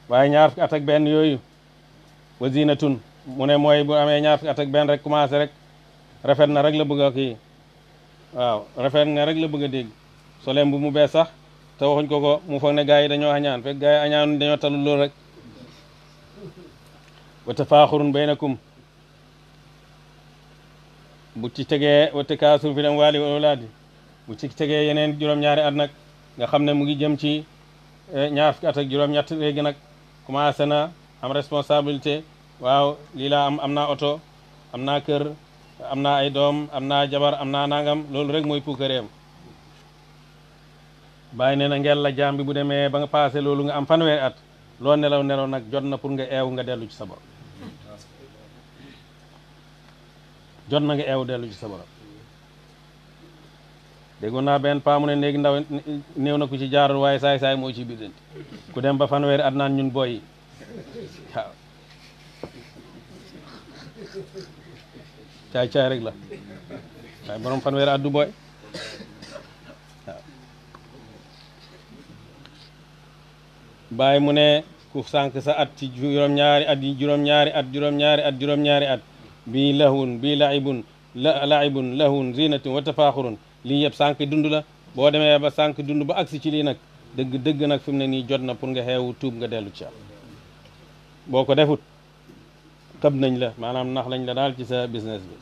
waaye ñaar fukki at ak benn yooyu wazinatun mu ne mooy bu amee ñaar fukki at ak benn rek commencé rek rafet na rek la bëgg a waaw rafet ne rek la bëgg a dégg soleem bu mu bees sax te waxuñ ko ko mu foog ne gars yi dañoo añaan fekk gars yi añaanu dañoo talu loolu rek wa tafaaxurun baynakum bu ci tegee wa takaasur fil amwaali wal awlaadi bu ci tegee yeneen juróom-ñaari at nag nga xam ne mu ngi jëm ci eh, ñaar fukki at juróom-ñett léegi nag commencé na am responsabilité waaw lii laa am am naa oto am naa kër am naa ay doom am naa jabar am naa nangam loolu rek mooy puukareem bàyyi nee na ngel la jaam bi bu demee ba nga paase loolu nga am fanweeri at loo nelaw nelaw nag jot na pour nga eew nga dellu ci sa borom jot na nga eew dellu ci sa borom naa benn paa mu ne léegi ndaw néew na ku ci jaarul waaye saay saay moo ci bidanti ku dem ba fanweeri at naan ñun boy caay-caay rek la waaye borom mu ne ku sanq sa at ci juróom-ñaari at yi ñaari at juróom-ñaari at juróom-ñaari bii lahun bii laibun la laibun lahun zinatun wa tafaaxurun lii yëpp sànq dund la boo demee ba sànq dund ba agsi ci lii nag dëgg dëgg nag fi mu ne nii jot na pour nga xeewu tuub nga dellu ci am boo ko defut tëb nañ la maanaam nax lañ la daal ci sa business bi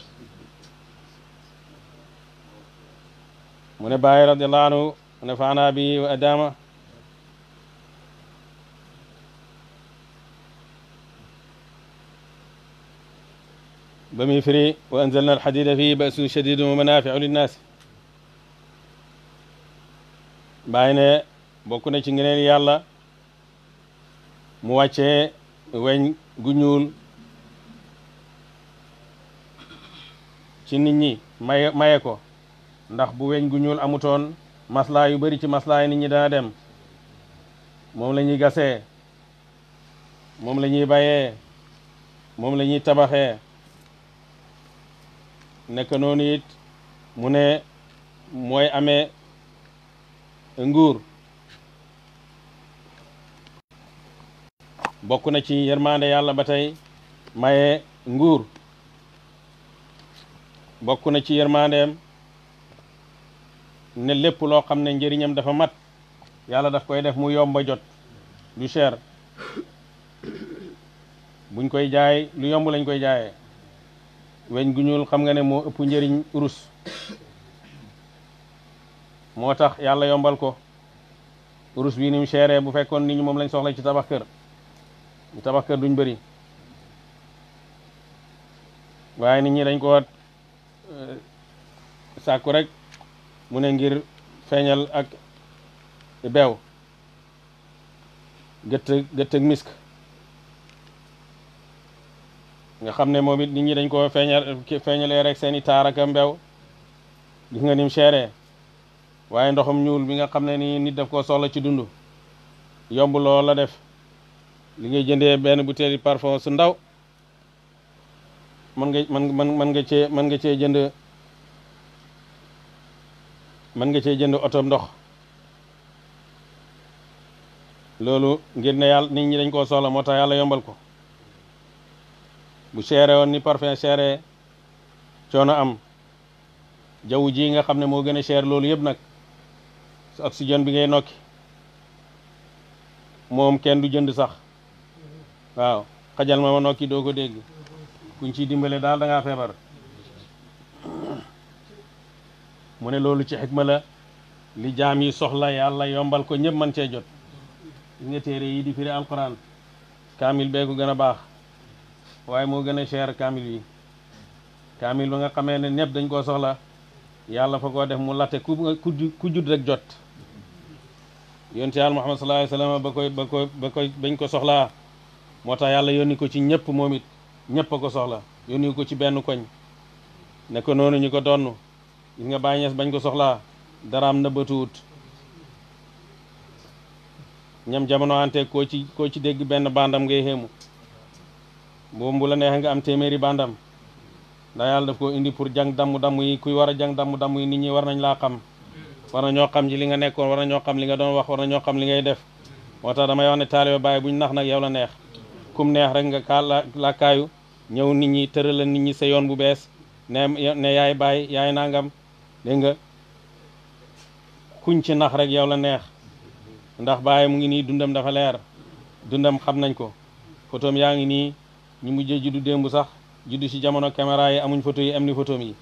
mu ne bàyyi radiallahu anhu mu ne faana bi wa adama ba muy firi wa anzalna alxadida fii basun shadidu wa manafiu linnaasi bàyyi ne bokk na ci ngeneen yàlla mu wàccee weñ gu ñuul ci nit ñi maye maye ko ndax bu weñ gu ñuul amutoon maslaa yu bari ci maslaa yi nit ñi dana dem moom lañuy ñuy gasee moom lañuy ñuy bayee moom lañuy tabaxee nekk noonu mu ne mooy amee nguur bokk na ci yërmande yàlla ba tey maye nguur bokk na ci yërmandeem ne lépp loo xam ne njëriñam dafa mat yàlla daf koy def mu yomba jot du cher buñ koy jaay lu yomb lañ koy jaaye weñ gu ñuul xam nga ne moo ëpp njariñ urus moo tax yàlla yombal ko urus bii ni mu chéré bu fekkoon nit moom lañ soxla ci tabax kër ñu tabax kër duñ bëri waaye nit ñi dañ ko sàkku rek mu ne ngir feeñal ak beew gëtt gëtt misk nga xam ne moom it nit ñi dañ ko feeñal feeñalee rek seeni i taar ak mbew gis nga nim seeree waaye ndoxum ñuul bi nga xam ne ni nit daf ko soxla ci dund yomb loo la def li ngay jëndee benn bouteille parfum su ndaw mën nga mën mën mën nga cee mën nga cee jënd mën nga cee jënd oto ndox loolu ngir ne yàlla nit ñi dañ koo soxla moo tax yàlla yombal ko bu seere woon ni parfum seere coono am jaww ji nga xam ne moo gën a seer loolu yëpp nag sa oxygène bi ngay nokki moom kenn du jënd sax waaw xajal ma ma nokki doo ko dégg kuñ ciy dimbale daal da feebar mu ne loolu ci xikma la li jaam yi soxla yàlla yombal ko ñëpp man cee jot li nga téere yi di firi alquran kaamil bee ko gën a baax waaye moo gën a cher kaamil yi kaamil ba nga xamee ne ñëpp dañ koo soxla yàlla fa koo def mu latte ku ku rek jot yonent yàlla Muhammad sallallahu alayhi wa sallam ba koy ba koy ba koy bañ ko soxlaa moo tax yàlla yónni ko ci ñëpp moom it ñépp a ko soxla yónni ko ci benn koñ ne ko noonu ñu ko donn gis nga Baay Ñas bañ ko soxlaa daraam na batuwut ñam jamono ante koo ci koo ci dégg benn bandam ngay xéemu boobu bu la neexee nga am téeméeri bandam ndax yàlla daf koo indi pour jàng damm damm yi kuy war a jàng damm damm yi nit ñi war nañ laa xam war na ñoo xam ci li nga nekkoon war na ñoo xam li nga doon wax war na ñoo xam li ngay def moo tax damay wax ne taalibe Baay buñ nax nag yow la neex kum neex rek nga kaa la ñëw nit ñi tërala nit ñi sa yoon bu bees ne ne yaay baay yaay nangam dégg nga kuñ ci nax rek yow la neex ndax baay mu ngi nii dundam dafa leer dundam xam nañ ko photom yaa ngi nii ñu mujjee juddu démb sax juddu ci jamono caméra yi amuñ photo yi am ni photom yi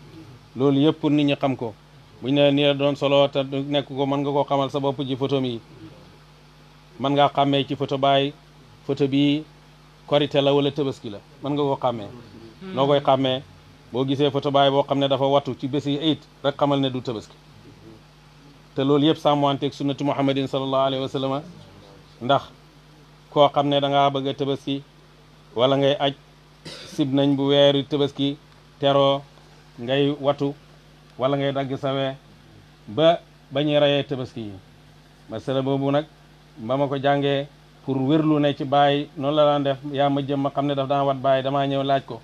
loolu yëpp nit ñi xam ko buñ ne nii doon solo te nekk ko mën nga koo xamal sa bopp ci photom yi mën ngaa xàmmee ci photo baay photo bii korite la wala tabaski la mën nga koo xàmmee noo koy xàmmee boo gisee photo baay boo xam ne dafa wattu ci bés yi ayit rek xamal ne du tabaski te loolu yëpp sàmmanteeg sunnatu muhammadin sallallahu alayhi wa ndax koo xam ne danga ngaa bëgg a tabaski wala ngay aj sib nañ bu weeri tabaski teroo ngay watu wala ngay dagg sawee ba ba ñuy reyee tabaski yi masala boobu nag ba ko jàngee pour wérlu ne ci bàyyi noonu la daan def yaa ma jëm ma xam ne daf daan wat bàyyi damaa ñëw laaj ko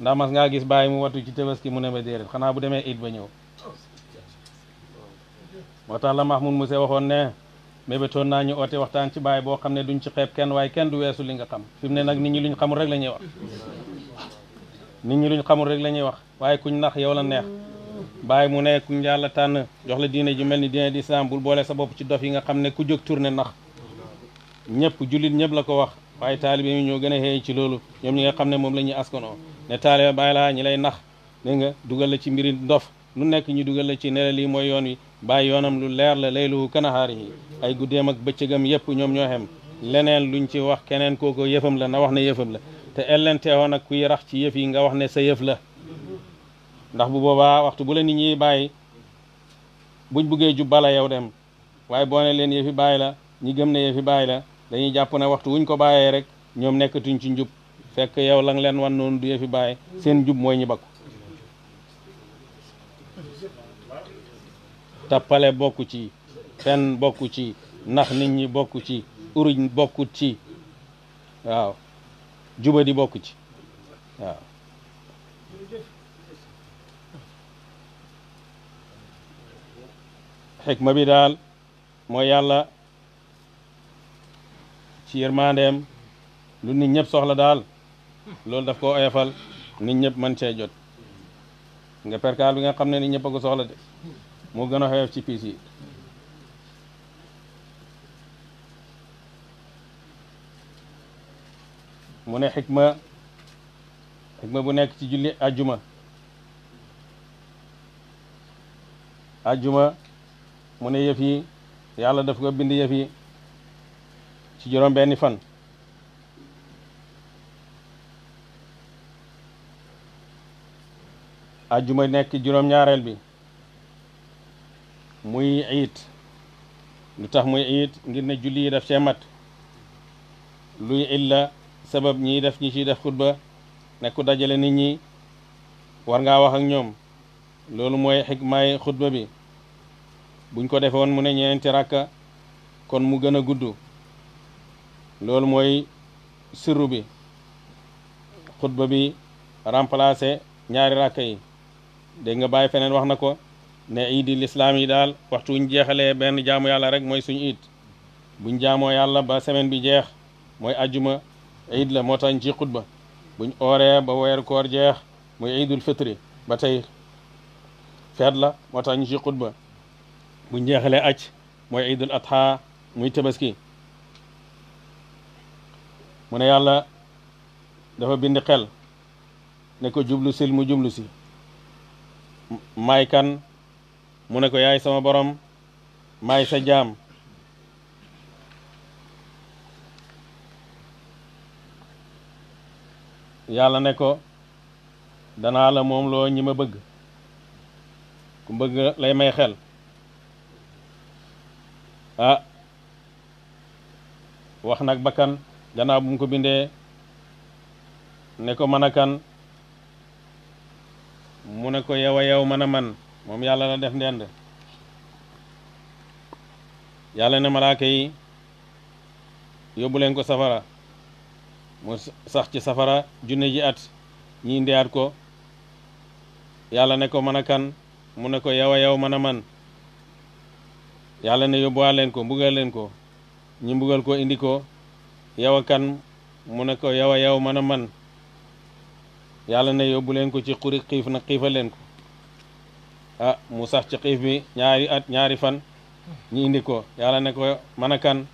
ndax mas ngaa gis bàyyi mu watu ci ki mu ne ba déedéet xanaa bu demee it ba ñëw moo tax la mu Mousse waxoon ne mébétoon naa ñu oote waxtaan ci bàyyi boo xam ne duñ ci xeeb kenn waaye kenn du weesu li nga xam fi mu ne nag nit ñi luñ xamul rek la ñuy wax nit ñi luñ xamul rek la ñuy wax waaye kuñ nax yow la neex bàyyi mu ne kuñ la tànn jox la diine ji mel ni diine di islam boole sa bopp ci dof yi nga xam ne ku jóg tourné nax ñëpp jullit ñëpp la ko wax waaye taalibe yi ñoo gën a xëy ci loolu ñoom ñi nga xam ne moom la ñuy askanoo ne taalibe bàyyi laa ñi lay nax dégg nga dugal la ci mbiri ndof lu nekk ñu dugal la ci ne la lii mooy yoon wi bàyyi yoonam lu leer la layluhu kanahaar yi ay guddeem ak bëccëgam yëpp ñoom ñoo xem leneen luñ ci wax keneen kooku yëfam la na wax ne yëfam la te ellenteewoo nag kuy rax ci yëf yi nga wax ne sa yëf la ndax bu boobaa waxtu bu la nit ñi bàyyi buñ buggee jubbala yow dem waaye boo ne leen yëfi bàyyi la ñi gëm ne yëfi bàyyi la dañuy jàpp ne waxtu wuñ ko bàyyee rek ñoom nekkatuñu ci njub fekk yow lañ leen wan noonu du fi bàyyi seen njub mooy ñi bakku tappale bokku ci fenn bokku ci nax nit ñi bokku ci uruñ bokku ci waaw jubadi bokku ci waaw xikma bi daal mooy yàlla ci yërmandeem lu nit ñëpp soxla daal loolu daf koo oyofal nit ñëpp mën cee jot nga perkaal bi nga xam ne nit ñëpp a ko soxla de moo gën a oyof ci piis yi mune ne xikma xikma bu nekk ci julli ajjuma ajuma mune ne yëf yi yàlla daf ko bind yëf ci juróom benni fan ajjuma nekk juróom-ñaareel bi muy iit lu tax muy iit ngir ne julli yi daf cee mat luy illa sabab ñiy def ñi ciy def xutba nekku dajale nit ñi war ngaa wax ak ñoom loolu mooy xikmaay xutba bi buñ ko defoon mu ne ñeenti rakka kon mu gën a gudd loolu mooy sirru bi xutba bi remplacé ñaari ràkk yi dégg nga bàyyi feneen wax na ko ne iidi lislaam yi daal waxtu jeexale benn jaamu yàlla rek mooy suñu iid buñ jaamoo yàlla ba semaine bi jeex mooy ajuma iid la moo tax ñu xutba buñ ooree ba weer koor jeex mooy iidul fitri ba tey feet la moo tax ñu ciy xutba buñ jeexalee aj mooy iidul adha muy tabaski mu ne yàlla dafa bind xel ne ko jublu sil mu jublu si maay kan mu ne ko yaay sama borom maay sa jaam yàlla ne ko danaa la moom loo ñi ma bëgg ku bëgg lay may xel ah wax nag bakkan gannaaw bu ko bindee ne ko mën a kan mu ne ko yow a yow a man moom yàlla la def ndend yàlla ne malaaka yi yóbbu leen ko safara mu sax ci safara junne ji at ñi indiwaat ko yàlla ne ko mën kan mu ne ko yow a yow man yàlla ne yóbbuwaat leen ko mbugal leen ko ñi mbugal ko indi ko yow a kan mu ne ko yow a yow mën man yàlla na yóbbu leen ko ci xuri xiif na xiifa leen ko ah mu sax ci xiif bi ñaari at ñaari fan ñu indi ko yàlla ne ko mën kan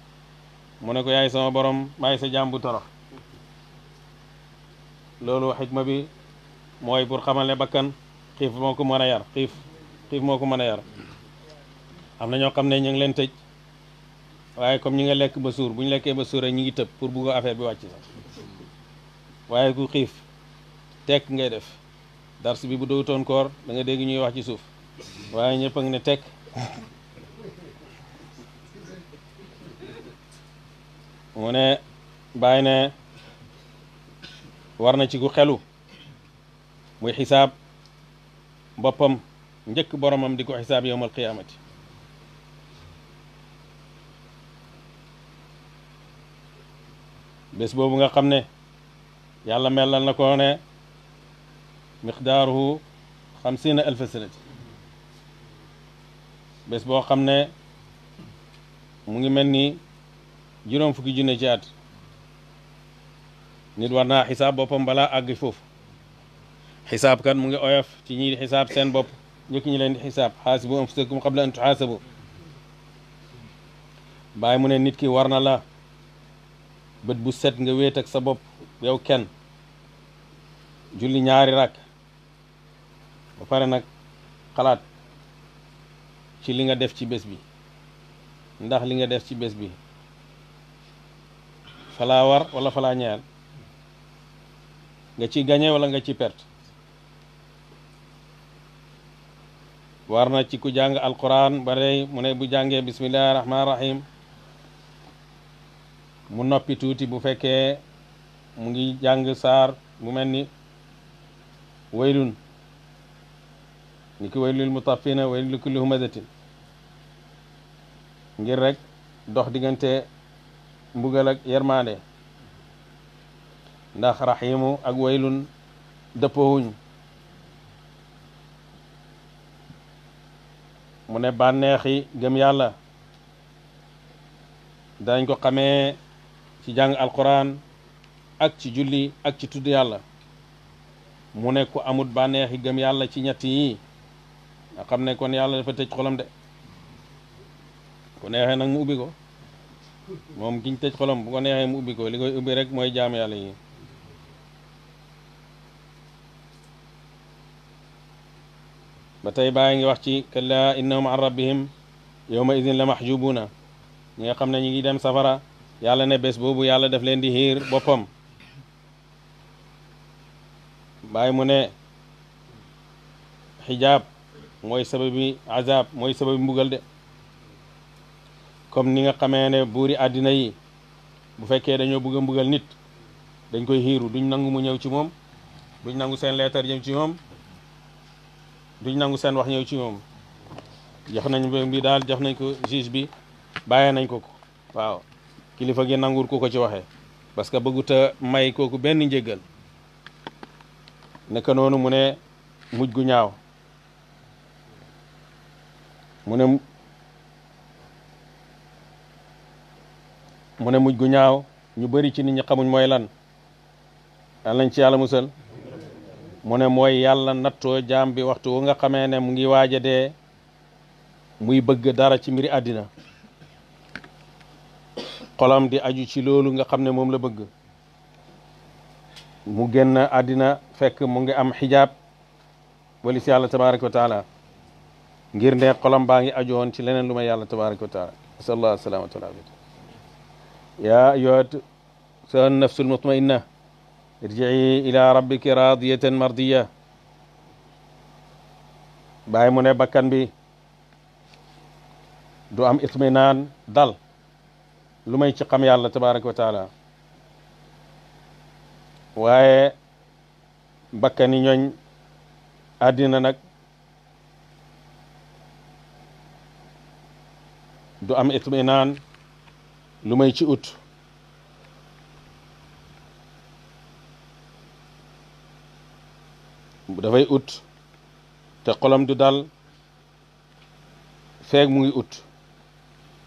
mu ne ko yaay sama borom maay sa jaam bu torox loolu xikma bi mooy pour xamal ne bakkan xiif moo ko mën yar xiif xiif moo ko mën a yar am na ñoo xam ne ñu ngi leen tëj waaye comme ñi nga lekk ba suur bu ñu lekkee ba suur rek ñu ngi tëb pour bugg affaire bi wàcc sax waaye ku xiif tekk ngay def dars bi bu dowutoon koor da nga dégg ñuy wax ci suuf waaye ñëpp a ngi ne tekk mu ne bàyyi ne war na ci ku xelu muy xisaab boppam njëkk boromam di ko xisaab yowmal qiyaamati bés boobu nga xam ne yàlla melal na ko ne miqdaaruhu xamsiina alfa sanati bés boo xam ne mu ngi mel ni juróom fukki junne ci at nit war naa xisaab boppam balaa àgg foofu xisaab kan mu ngi oyof ci ñi xisaab seen bopp njëkk ñi leen di xisaab xaasibu anfusakum qabla an tuxaasabu bàyyi mu ne nit ki war na la bët bu set nga wéet ak sa bopp yow kenn julli ñaari rakk ba pare nag xalaat ci li nga def ci bés bi ndax li nga def ci bés bi falaa war falaa ñaar nga ci gañe wala nga ci perte war na ci ku jàng alquran ba tey mu ne bu jàngee bismillahi rahmaani rahim mu noppi tuuti bu fekkee mu ngi jàng saar mu mel ni waylun ni ki waylul mutaffina waylun li kulli humazatin ngir rek dox diggante mbugal ak yermande ndax raximu ak waylun dëppoowuñ mu ne bànneexi gëm yàlla dañ ko xamee ci jàng alquran ak ci julli ak ci tudd yàlla mu ne ku amut bànneexi gëm yàlla ci ñetti yi nga xam ne kon yàlla dafa tëj xolam de ku neexee nag mu ubbi ko moom giñ tëj xolam bu ko neexee mu ubbi ko li koy ubbi rek mooy jaam yàlla yi ba tey bàyyi ngi wax ci kalla innahum an rabbihim idin la mahjubuuna ñi nga xam ne ñu ngi dem safara yàlla na bés boobu yàlla def leen di xiir boppam bàyyi mu ne xijaab mooy sababi azab mooy sababi mbugal de comme ni nga xamee ne buur buuri àddina yi bu fekkee dañoo bëgg a mbugal nit dañ koy xiiru duñ nangu mu ñëw ci moom duñ nangu seen leetar jëm ci moom duñ nangu seen wax ñëw ci moom jox nañ bi daal jox nañ ko juge bi bàyyee nañ ko ko waaw kilifa gi nangur ku ko ci waxe parce que bëggut a may kooku benn njëggal naka noonu mu ne mujj gu ñaaw mu ne mu ne mujj gu ñaaw ñu bari ci nit ñi xamuñ mooy lan lan lañ ci yàlla musal mu ne mooy yàlla nattoo jaam bi waxtu wu nga xamee ne mu ngi waaj a dee muy bëgg dara ci mbiru àddina xolam di aju ci loolu nga xam ne moom la bëgg mu génn àddina fekk mu ngi am xijaab wali si yàlla tabaraka wa taala ngir ne xolam baa ngi aju woon ci leneen lu may yàlla tabaraka wa taala asallah salamatu walafia yaa ayyuhat sa nafsul mutmainna irjii ila rabbiki radiyatan mardiya bàyyi mu ne bakkan bi du am itminaan dal lu may ci xam yàlla tabaraka wa taala waaye bakkani ñooñ àddina nag du am itminaan lu may ci ut dafay ut te xolam du dal feeg mu ut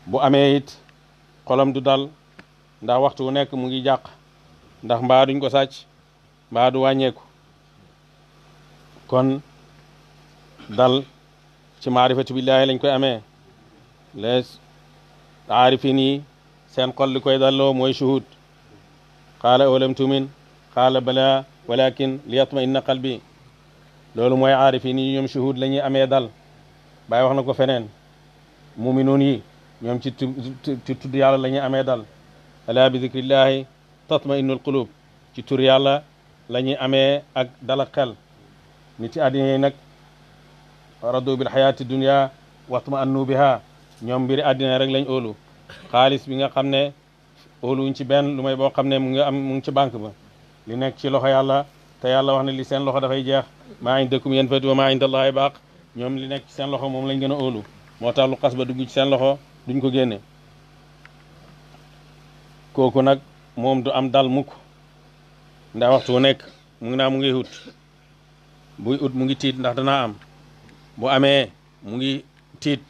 bu amee it xolam du dal ndax waxtu wu nekk mu ngi jàq ndax mbaa duñ ko sàcc mbaadu du wàññeeku kon dal ci maarifatu billaahi lañ koy ame les aarifin seen kol li koy dalloo mooy shuhud qaala awalam tumin qaala bala walakin li yatma inna qalbi loolu mooy aarifin yi ñoom shuhud la ñuy amee dal bàyyi wax na ko feneen muminuun yi ñoom ci ci tudd yàlla la ñuy amee dal ala bi zikrillahi tatma innul qulub ci tur yàlla la ñuy amee ak dala xel nit yi àddina yi nag radu bil xayaati dunia watma annu biha ñoom mbiri àddina rek lañ óolu xaalis bi nga xam ne óoluñ ci benn lu may boo xam ne mu ngi am mu ci banque ba li nekk ci loxo yàlla te yàlla wax ne li seen loxo dafay jeex maa indakum yanfadu wa maa indallahi baaq ñoom li nekk seen loxo moom lañ gën a óolu moo tax lu xas ba dugg ci seen loxo duñ ko génne kooku nag moom du am dal mukk ndax waxtu nekk mu ngi naa mu ngi ut buy ut mu ngi tiit ndax danaa am bu amee mu ngi tiit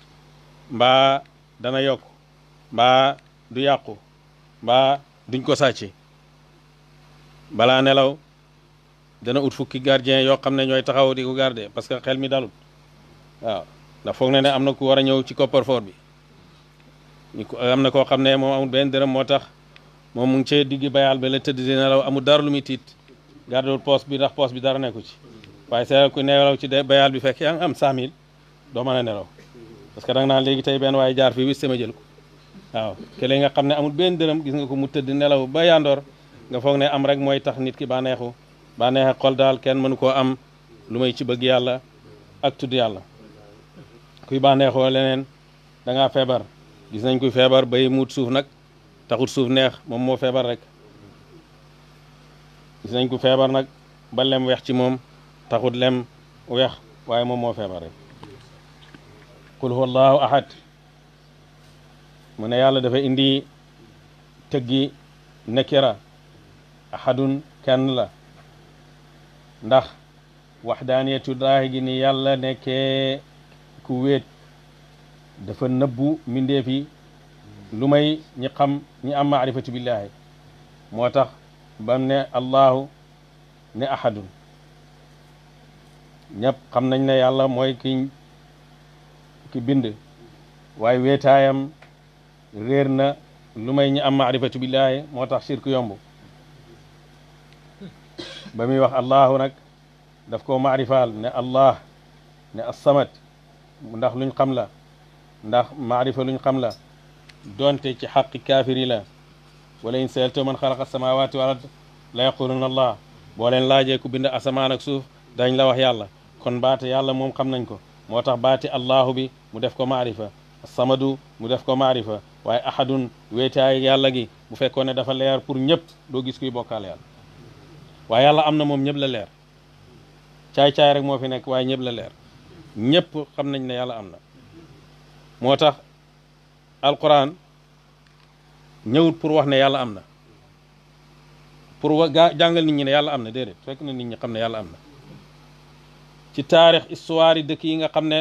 mbaa dana yokk mbaa du yàqu mbaa duñ ko sàcc balaa nelaw dana ut fukki gardien yoo xam ne ñooy taxaw di ko garder parce que xel mi dalul waaw ndax foog na ne am na ku war a ñëw ci coffre-fort bi ñu ko am na koo xam ne moom amul benn dërëm moo tax moom mu ngi cee digg bayaal ba la tëdd di nelaw amul dara lu muy tiit gardewul poos bi ndax poos bi dara nekku ci waaye see ku nelaw ci bayaal bi fekk yaa am 100000 doo mën a nelaw parce que da nga naan léegi tey benn waaye jaar fii wis sama jël ko waaw ke léegi nga xam ne amul benn dërëm gis nga ko mu tëdd nelaw ba yandoor nga foog ne am rek mooy tax nit ki neexu bànneexu bànneexe xol daal kenn mënu koo am lu may ci bëgg yàlla ak tudd yàlla kuy bànneexoo leneen da feebar gis nañ ko feebar bay muut suuf nag taxut suuf neex moom moo feebar rek gis nañ ko feebar nag ba weex ci moom taxut lem weex waaye moom moo feebar rek qul huwa ahad mu ne yàlla dafa indi tëggi nakira ahadun kenn la ndax waxdaaniyatu laahi gi ni yàlla nekkee ku dafa nëbbu mbindeef yi lu may ñi xam ñi am maarifatu billaahi moo tax bam ne allahu ne ahadun ñëpp xam nañ ne yàlla mooy ki ki bind waaye weetaayam réer na lu may ñi am maarifatu billaahi moo tax shirku yomb ba muy wax allahu nag daf ko maarifaal ne allah ne assamat ndax luñ xam la ndax maarifa luñ xam la donte ci xaqi kaafiri la wala in saaltoo man xalaqa samaawaati wal ard la yaquluna allah boo leen laajee ku bind asamaan ak suuf dañ la wax yàlla kon baate yàlla moom xam nañ ko moo tax baati allahu bi mu def ko maarifa samadu mu def ko maarifa waaye ahadun wéetaay yàlla gi bu fekkoon ne dafa leer pour ñëpp doo gis kuy bokkaal yàlla waaye yàlla am na moom ñëpp la leer caay-caay rek moo fi nekk waaye ñëpp la leer ñëpp xam nañ ne yàlla am na moo tax alquran ñëwut pour wax ne yàlla am na pour wa gaa jàngal nit ñi ne yàlla am na déedéet fekk na nit ñi xam ne yàlla am na ci taarix histoire yi dëkk yi nga xam ne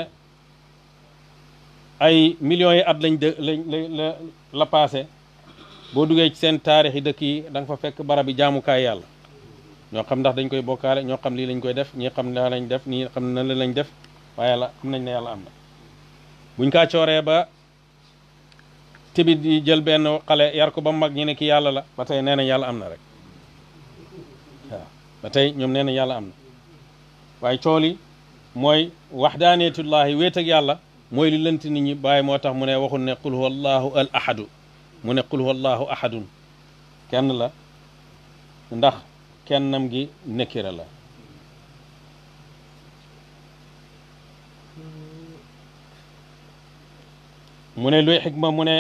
ay millions yi at lañ dë lañ la la paase boo duggee ci seen taarix yi dëkk yi da nga fa fekk barab yi jaamukaay yàlla ñoo xam ndax dañ koy bokkaale ñoo xam lii lañ koy def ñii xam na lañ def ñii xam na la lañ def waaye yàlla xam nañ ne yàlla am na buñ kàccooree ba tibit yi jël benn xale yar ko ba mag ñi ne ki yàlla la ba tey nee nañ yàlla am na rek tey ñoom nee nañ yàlla am na waaye cooli mooy waxdaaniyatullahi wéet ak yàlla mooy li ni ñi bàyyi moo tax mu ne waxul ne qul huwallahu al mu ne qul huwallahu ahadun kenn la ndax kenn nam gi nekkira la mu ne luy xikma mu ne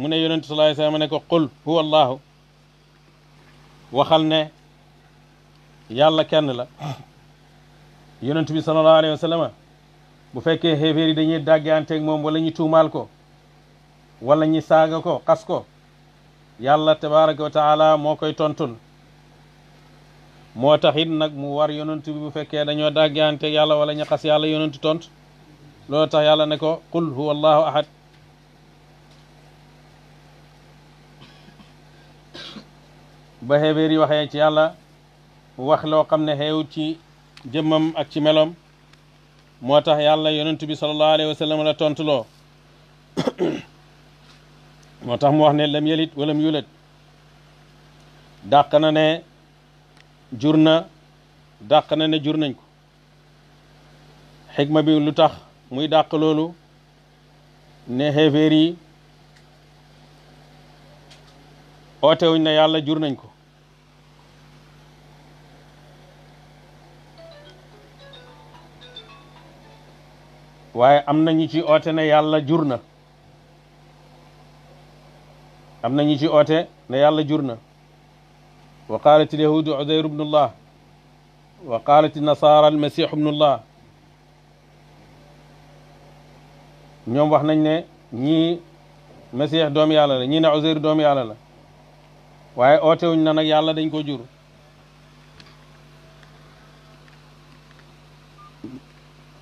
mu ne yonente sallallahu alayhi wasallam ne ko qul huwa allahu waxal ne yàlla kenn la yonent bi sallallahu alayhi wasallam bu fekkee xeeféer yi dañuy dàgganteeg moom wala ñu tuumaal ko wala ñu saaga ko xas ko yàlla tabaraka wa taala moo koy tontul moo tax it nag mu war yonent bi bu fekkee dañoo dàgganteeg yàlla wala ñu xas yàlla yonent tont loolu tax yàlla ne ko qul huwa allahu ahad ba xebeer yi waxee ci yàlla wax loo xam ne xeew ci jëmmam ak ci melom moo tax yàlla yonentu bi sallallahu alayhi wa sallam la tontuloo moo tax mu wax ne lam yelit walam yulet dàq na ne jur na dàq na ne jur nañ ko xigma bi lu tax muy dàq loolu ne xeeféer yi oote wuñ ne yàlla jur nañ ko waaye am na ñu ci oote na yàlla jur na am na ñu ci oote ne yàlla jur na wa qaalat ilyahuudu udayru bnullah wa qaalat nasaara almasiixu bnullah ñoom wax nañ ne ñii masiix doom yàlla la ñii ne uzayru doomu yàlla la waaye oote wuñ na nag yàlla dañ ko jur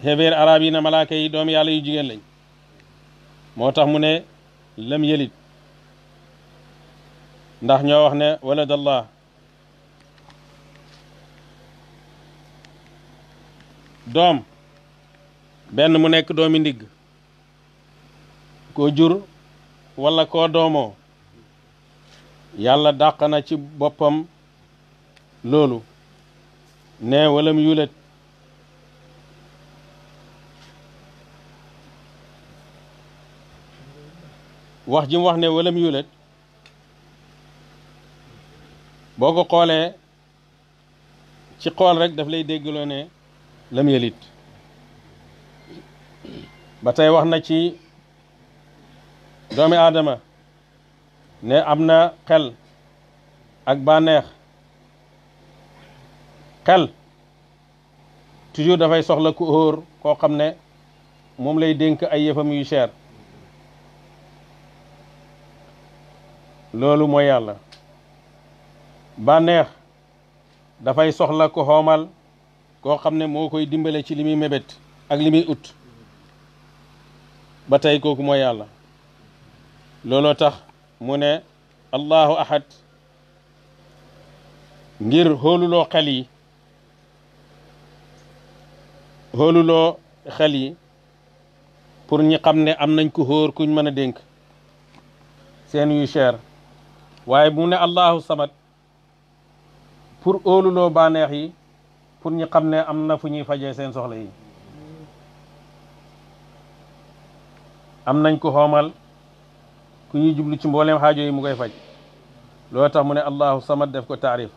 xebeer arab yi ne malaaka yi doom yàlla yu jigéen lañ moo tax mu ne lam yelit ndax ñoo wax ne wala waladallah doom benn mu nekk doom doomi ndigg koo jur walla koo doomo yàlla dàq na ci boppam loolu ne walam yulet wax ji wax ne walam yuulat boo ko xoolee ci xool rek daf lay déggloo ne lam yelit ba tey wax na ci doomi aadama ne am na xel ak bànneex xel toujours dafay soxla ku óor koo xam ne moom lay dénk ay yëfam yu cher loolu mooy yàlla bànneex dafay soxla ko xoomal koo xam ne moo koy dimbale ci li muy mébét ak li muy ut ba tey kooku mooy yàlla looloo tax mu ne allahu ahad ngir xooluloo xel yi xooluloo xel yi pour ñi xam ne am nañ ku xóor kuñ mën a dénk seen yu cher waaye mu ne allahu samad pour óoluloo bànneex yi pour ñu xam ne am na fu ñuy fajee seen soxla yi am nañ ko xoomal ku ñuy jublu ci mboolem xaajo yi mu koy faj loo tax mu ne allahu samad def ko taarif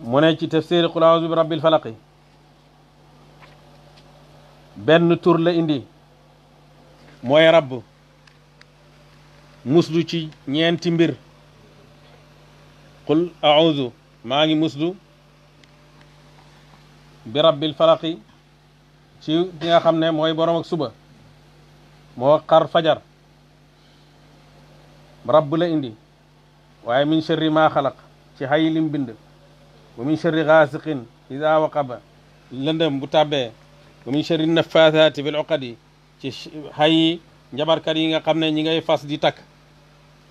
mu ne ci tafsir qul a'uuzu bi rabbil falaqi benn tur la indi mooy rabb muslu ci ñeenti mbir qul audu maa ngi muslu bi rabbil falaqi ci ki nga xam ne mooy borom ak suba moo xar fajar rabb la indi waaye min sharri maa xalaq ci xay lim bind wa min sharri gaasiqin ida waqaba lëndëm bu tàbbee wa min sharri nafaathaati bil uqadi ci xay njabarkat yi nga xam ne ñi ngay fas di takk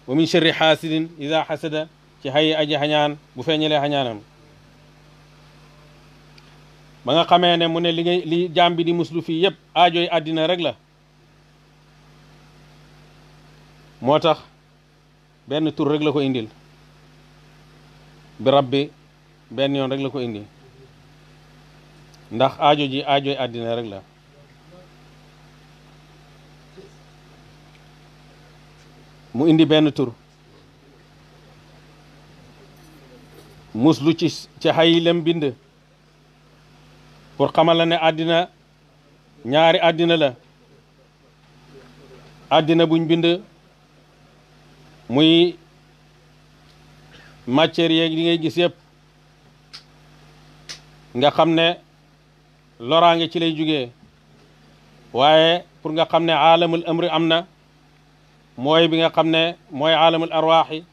wa min sharri xaasidin ida xasada ci xayi aji xañaan bu feeñalee xañaanam ba nga xamee ne mu ne li ngay li jaam bi di muslu fii yëpp ajoy àddina rek la moo tax benn tur rek la ko indil bi rabbi benn yoon rek la ko indi ndax aajo ji aajoy àddina rek la mu indi benn tur muslu ci ci xayi lem bind pour xamal la ne àddina ñaari àddina la àddina buñ bind muy matière yeeg li ngay gis yëpp nga xam ne loraange ci lay jugee waaye pour nga xam ne aalamul amri am na mooy bi nga xam ne mooy aalamul arwaaxi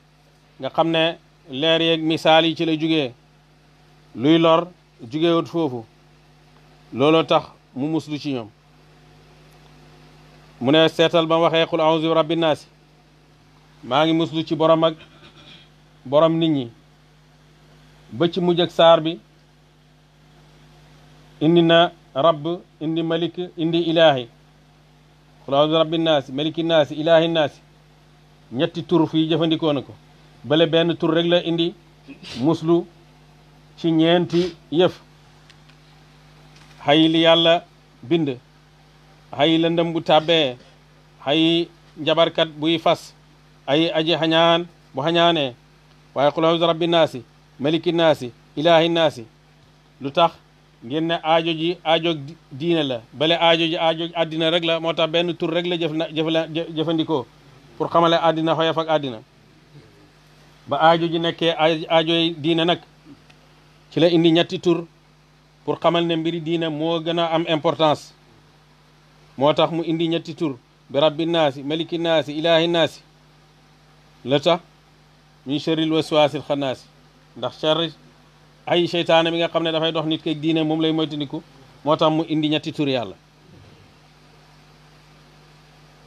nga xam ne leer yeeg misaal yi ci la jugee luy lor jugewut foofu looloo tax mu muslu ci ñoom mu ne seetal ba waxee qul auzu bi rabbi naasi maa ngi muslu ci borom ak borom nit ñi ba ci mujj saar bi indi na rab indi malik indi ilaahi qul auzu bi rabbi naasi maliki naasi ilaahi naasi ñetti tur fii jëfandikoo na ko bële benn tur rek la indi muslu ci ñeenti yëf xay li yàlla bind xay lëndëm bu tàbbee xay njabarkat buy fas ay aji xañaan bu xañaanee waaye qul a'uuzu bi rabbi naasi maliki naasi ilaahi naasi lu tax ngeen ne aajo ji aajo diine la bale aajo ji aajo àddina rek la moo tax benn tur rek la jëf na jëfandikoo pour xamale àddina xoyaf ak àddina ba aajo ji nekkee aajoy diine nag ci la indi ñetti tur pour xamal ne mbiri diine moo gën a am importance moo tax mu indi ñetti tur bi rabbi naasi maliki naasi ilaahi naasi la tax min sharril waswaasil xannaasi ndax sharri ay seytaane mi nga xam ne dafay dox nit keeg diine moom lay moytandiku moo tax mu indi ñetti tur yàlla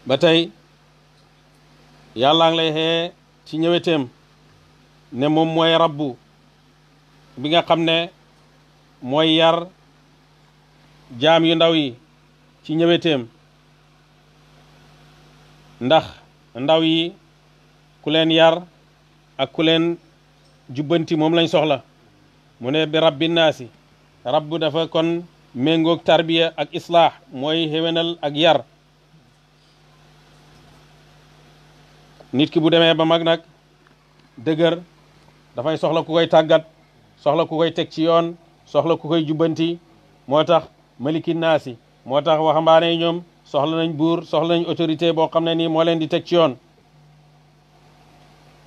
ba tey yàllaa ngi lay xee ci ñëweteem ne moom mooy rabbu bi nga xam ne mooy yar jaam yu ndaw yi ci ñëweteem ndax ndaw yi ku leen yar ak ku leen jubbanti moom lañ soxla mu ne bi rabbi naasi rabbu dafa kon méngoog tarbiya ak islaax mooy xéwénal ak yar nit ki bu demee ba mag nag dëgër dafay soxla ku koy tàggat soxla ku koy teg ci yoon soxla ku koy jubbanti moo tax maliki naasi moo tax waxambaane yi ñoom soxla nañ buur soxla nañ autorité boo xam ne nii moo leen di teg ci yoon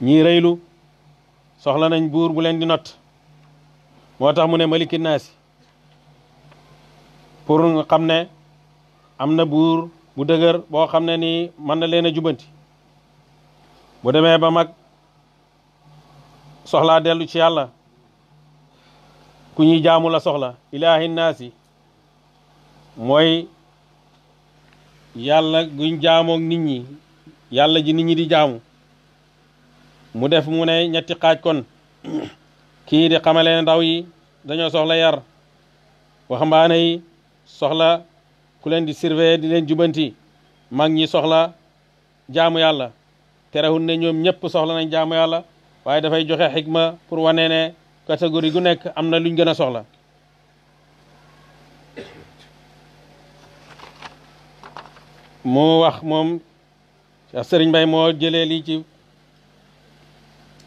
ñii rëylu soxla nañ buur bu leen di not moo tax mu ne maliki naasi pour nga xam ne am na buur bu dëgër boo xam ne nii mën na leen a jubbanti bu demee ba mag soxlaa dellu ci yàlla ku ñuy jaamu la soxla ilaahi naasi mooy yàlla guñ jaamook nit ñi yàlla ji nit ñi di jaamu mu def mu ne ñetti xaaj kon kii di xamale ndaw yi dañoo soxla yar waxambaane yi soxla ku leen di surveiller di leen jubanti mag ñi soxla jaamu yàlla terewul ne ñoom ñëpp soxla nañ jaamu yàlla waaye dafay joxe xikma pour wane ne catégorie gu nekk am na luñ gën a soxla mu wax moom Cheikh Sëriñ mbay moo jëlee lii ci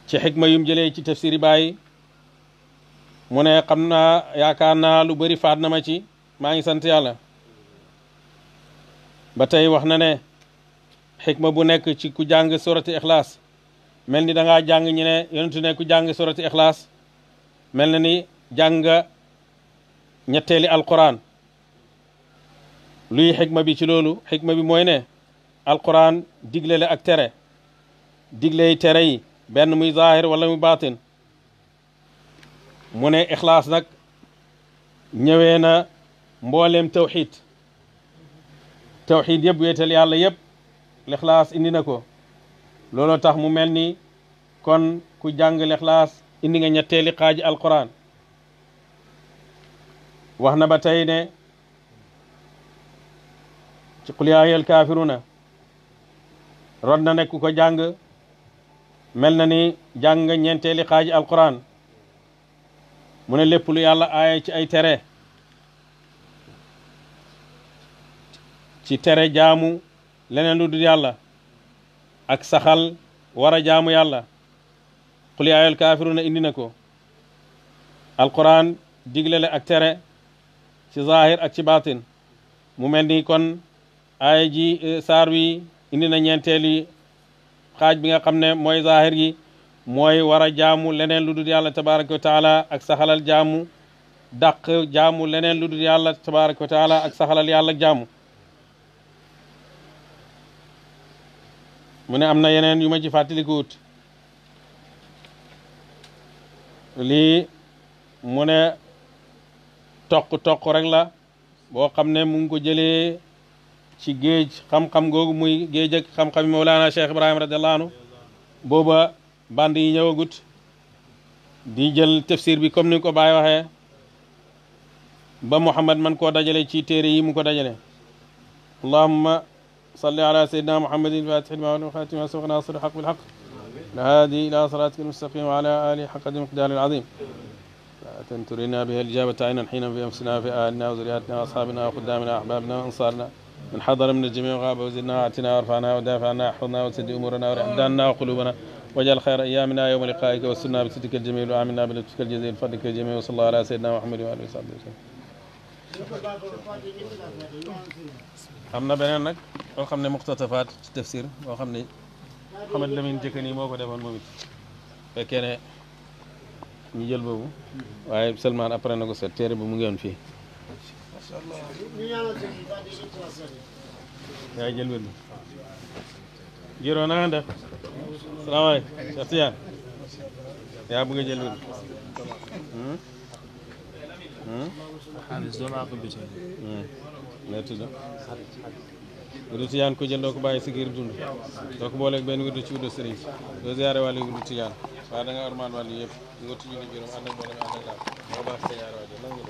ci xikma yum jëlee ci tafsiri Baay mu ne xam naa yaakaar naa lu bari faat na ma ci maa ngi sant yàlla ba tey wax na ne xikma bu nekk ci ku jàng surati Ixlaas mel ni da jàng ñu ne yonentu ne ku jàng surati ixlaas mel na ni jàng ñetteeli alquran luy xikma bi ci loolu xikma bi mooy ne alquran digle la ak tere digley tere yi benn muy zahir wala muy baatin mu ne ixlaas nag ñëwee na mbooleem tawxid tawxid yëpp wéetal yàlla yëpp lixlaas indi na ko looloo tax mu mel ni kon ku jàng lixlaas indi nga ñetteeli xaaji alquran wax na ba tey ne ci qul yaa ayyuhal kaafiruuna na ne ko jàng mel na ni jàng nga ñeenteeli xaaji alquran mu ne lépp lu yàlla aaye ci ay tere ci tere jaamu leneen lu dul yàlla ak saxal war a jaamu yàlla xul yaayal kaafiruna indi na ko alquran diglele ak tere ci zahir ak ci baatin mu mel ni kon aaya ji e, saar wi indi na ñeenteeli xaaj bi nga xam ne mooy zahir gi mooy war a jaamu leneen lu dul yàlla tabaraka wa ak saxalal jaamu dàq jaamu leneen lu dul yàlla tabaraka wa taala ak saxalal yàlla jaamu mu ne am na yeneen yu ma ci fàttalikuwut lii mu ne toq-toq rek la boo xam ne mu ngi ko jëlee ci géej xam-xam googu muy géej ak xam-xam Mawlana Cheikh Ibrahima radiallahu anhu booba band yi ñëwagut di jël tafsir bi comme ni ko Baay waxee ba Muhammad man koo dajale ci téere yi mu ko dajale allahumma صل على سيدنا محمد الفاتح المولى والخاتم وسوق ناصر الحق بالحق الهادي إلى صراطك المستقيم وعلى آله حق المقدار العظيم تنترنا بها الإجابة عينا حين في أنفسنا في أهلنا وذرياتنا وأصحابنا وخدامنا وأحبابنا وأنصارنا من حضر من الجميع وغاب وزدنا واعتنا وارفعنا ودافعنا عنا احفظنا وسد امورنا وارحم داننا وقلوبنا واجعل خير ايامنا يوم لقائك والسنه بصدقك الجميل وامنا بلطفك الجزيل فضلك الجميل وصلى الله على سيدنا محمد واله وصحبه وسلم am na beneen nag boo xam ne muxtatafaat ci tafsir boo xam ne Mouhamed Lamine Jëkkani moo ko defoon moom it ñu jël boobu waaye seulement après na ko set téere bi mu ngi fii yaay jël wér jiroo na nga def yaa bëgg jël wér hmm? xaalis doomu aadama bi jënd. léegi tudd. ko jël doo ko bàyyi si gir dund doo ko benn wirdu ci wirdu sëriñ doo ziare wàllu wirdu tijaan waaye da boole ànd ak laal doo baax sa yaar waajo nangu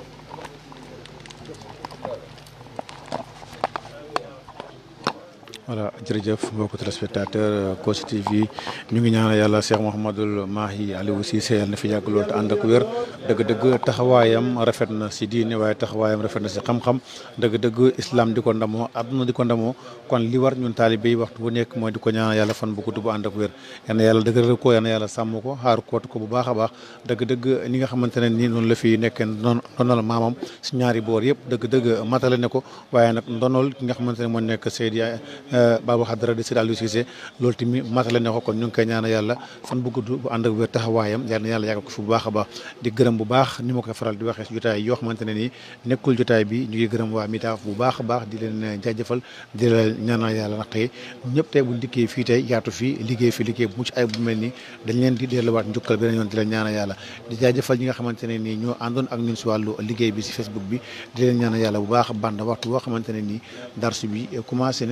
voilà jërëjëf mbokku ko Kossy TV ñu ngi ñaanal yàlla Cheikh Mouhamadul Mahi Aliou Cissé yàlla na fi yàgg lool te ànd ak wér dëgg-dëgg taxawaayam rafet na si diine waaye taxawaayam rafet na si xam-xam dëgg-dëgg islam di ko ndamoo àdduna di ko ndamoo kon li war ñun taalibe yi waxtu bu nekk mooy di ko ñaanal yàlla fan bu gudd bu ànd ak wér yal na yàlla ko yal na yàlla sàmm ko xaar koot ko bu baax a baax dëgg-dëgg ni nga xamante ne nii noonu la fi nekkee noonu ndonal ñaari boor yëpp dëgg-dëgg matale ne ko waaye nag ndonol ne moo Eh, Babou Khadra di Sidi Aliou Cissé loolu tamit matale na ko kon ñu ngi koy ñaanal yàlla fan bu gudd bu ànd ak wér taxawaayam yal na yàlla yàggal ko fi bu baax a baax di gërëm bu baax ni faral di waxee jotaay yoo xamante nii nekkul jotaay bi ñu ngi gërëm waa Mitaaf bu baax a baax di leen eh, jaajëfal di leen nga xamante nii ñoo àndoon ak ñun si wàllu liggéey bi si Facebook bi di leen ñaanal yàlla bu baax banda waxtu boo xamante nii darsu bi eh, commencé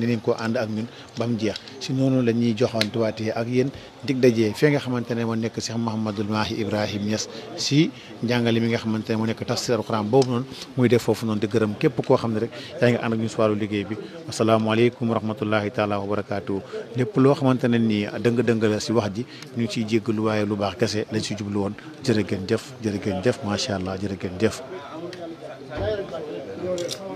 dinañ ko ànd ak ñun ba mu jeex si noonu la ñuy joxoon tuwaatee ak yéen dig dajee fee nga xamante ne moo nekk Cheikh Mouhamadul Mahi Ibrahim Niass si njàngale mi nga xamante ne moo nekk tafsir alquran boobu noonu muy def foofu noonu di gërëm képp koo xam ne rek yaa ngi ànd ak ñun si wàllu liggéey bi asalaamaaleykum wa rahmatullahi taala wa barakaatu lépp loo xamante ne nii dëng-dëng la si wax ji ñu ngi siy jéggalu waaye lu baax kese lañ si jublu woon jërë ngeen jëf jërë ngeen jëf macha allah jërë ngeen jëf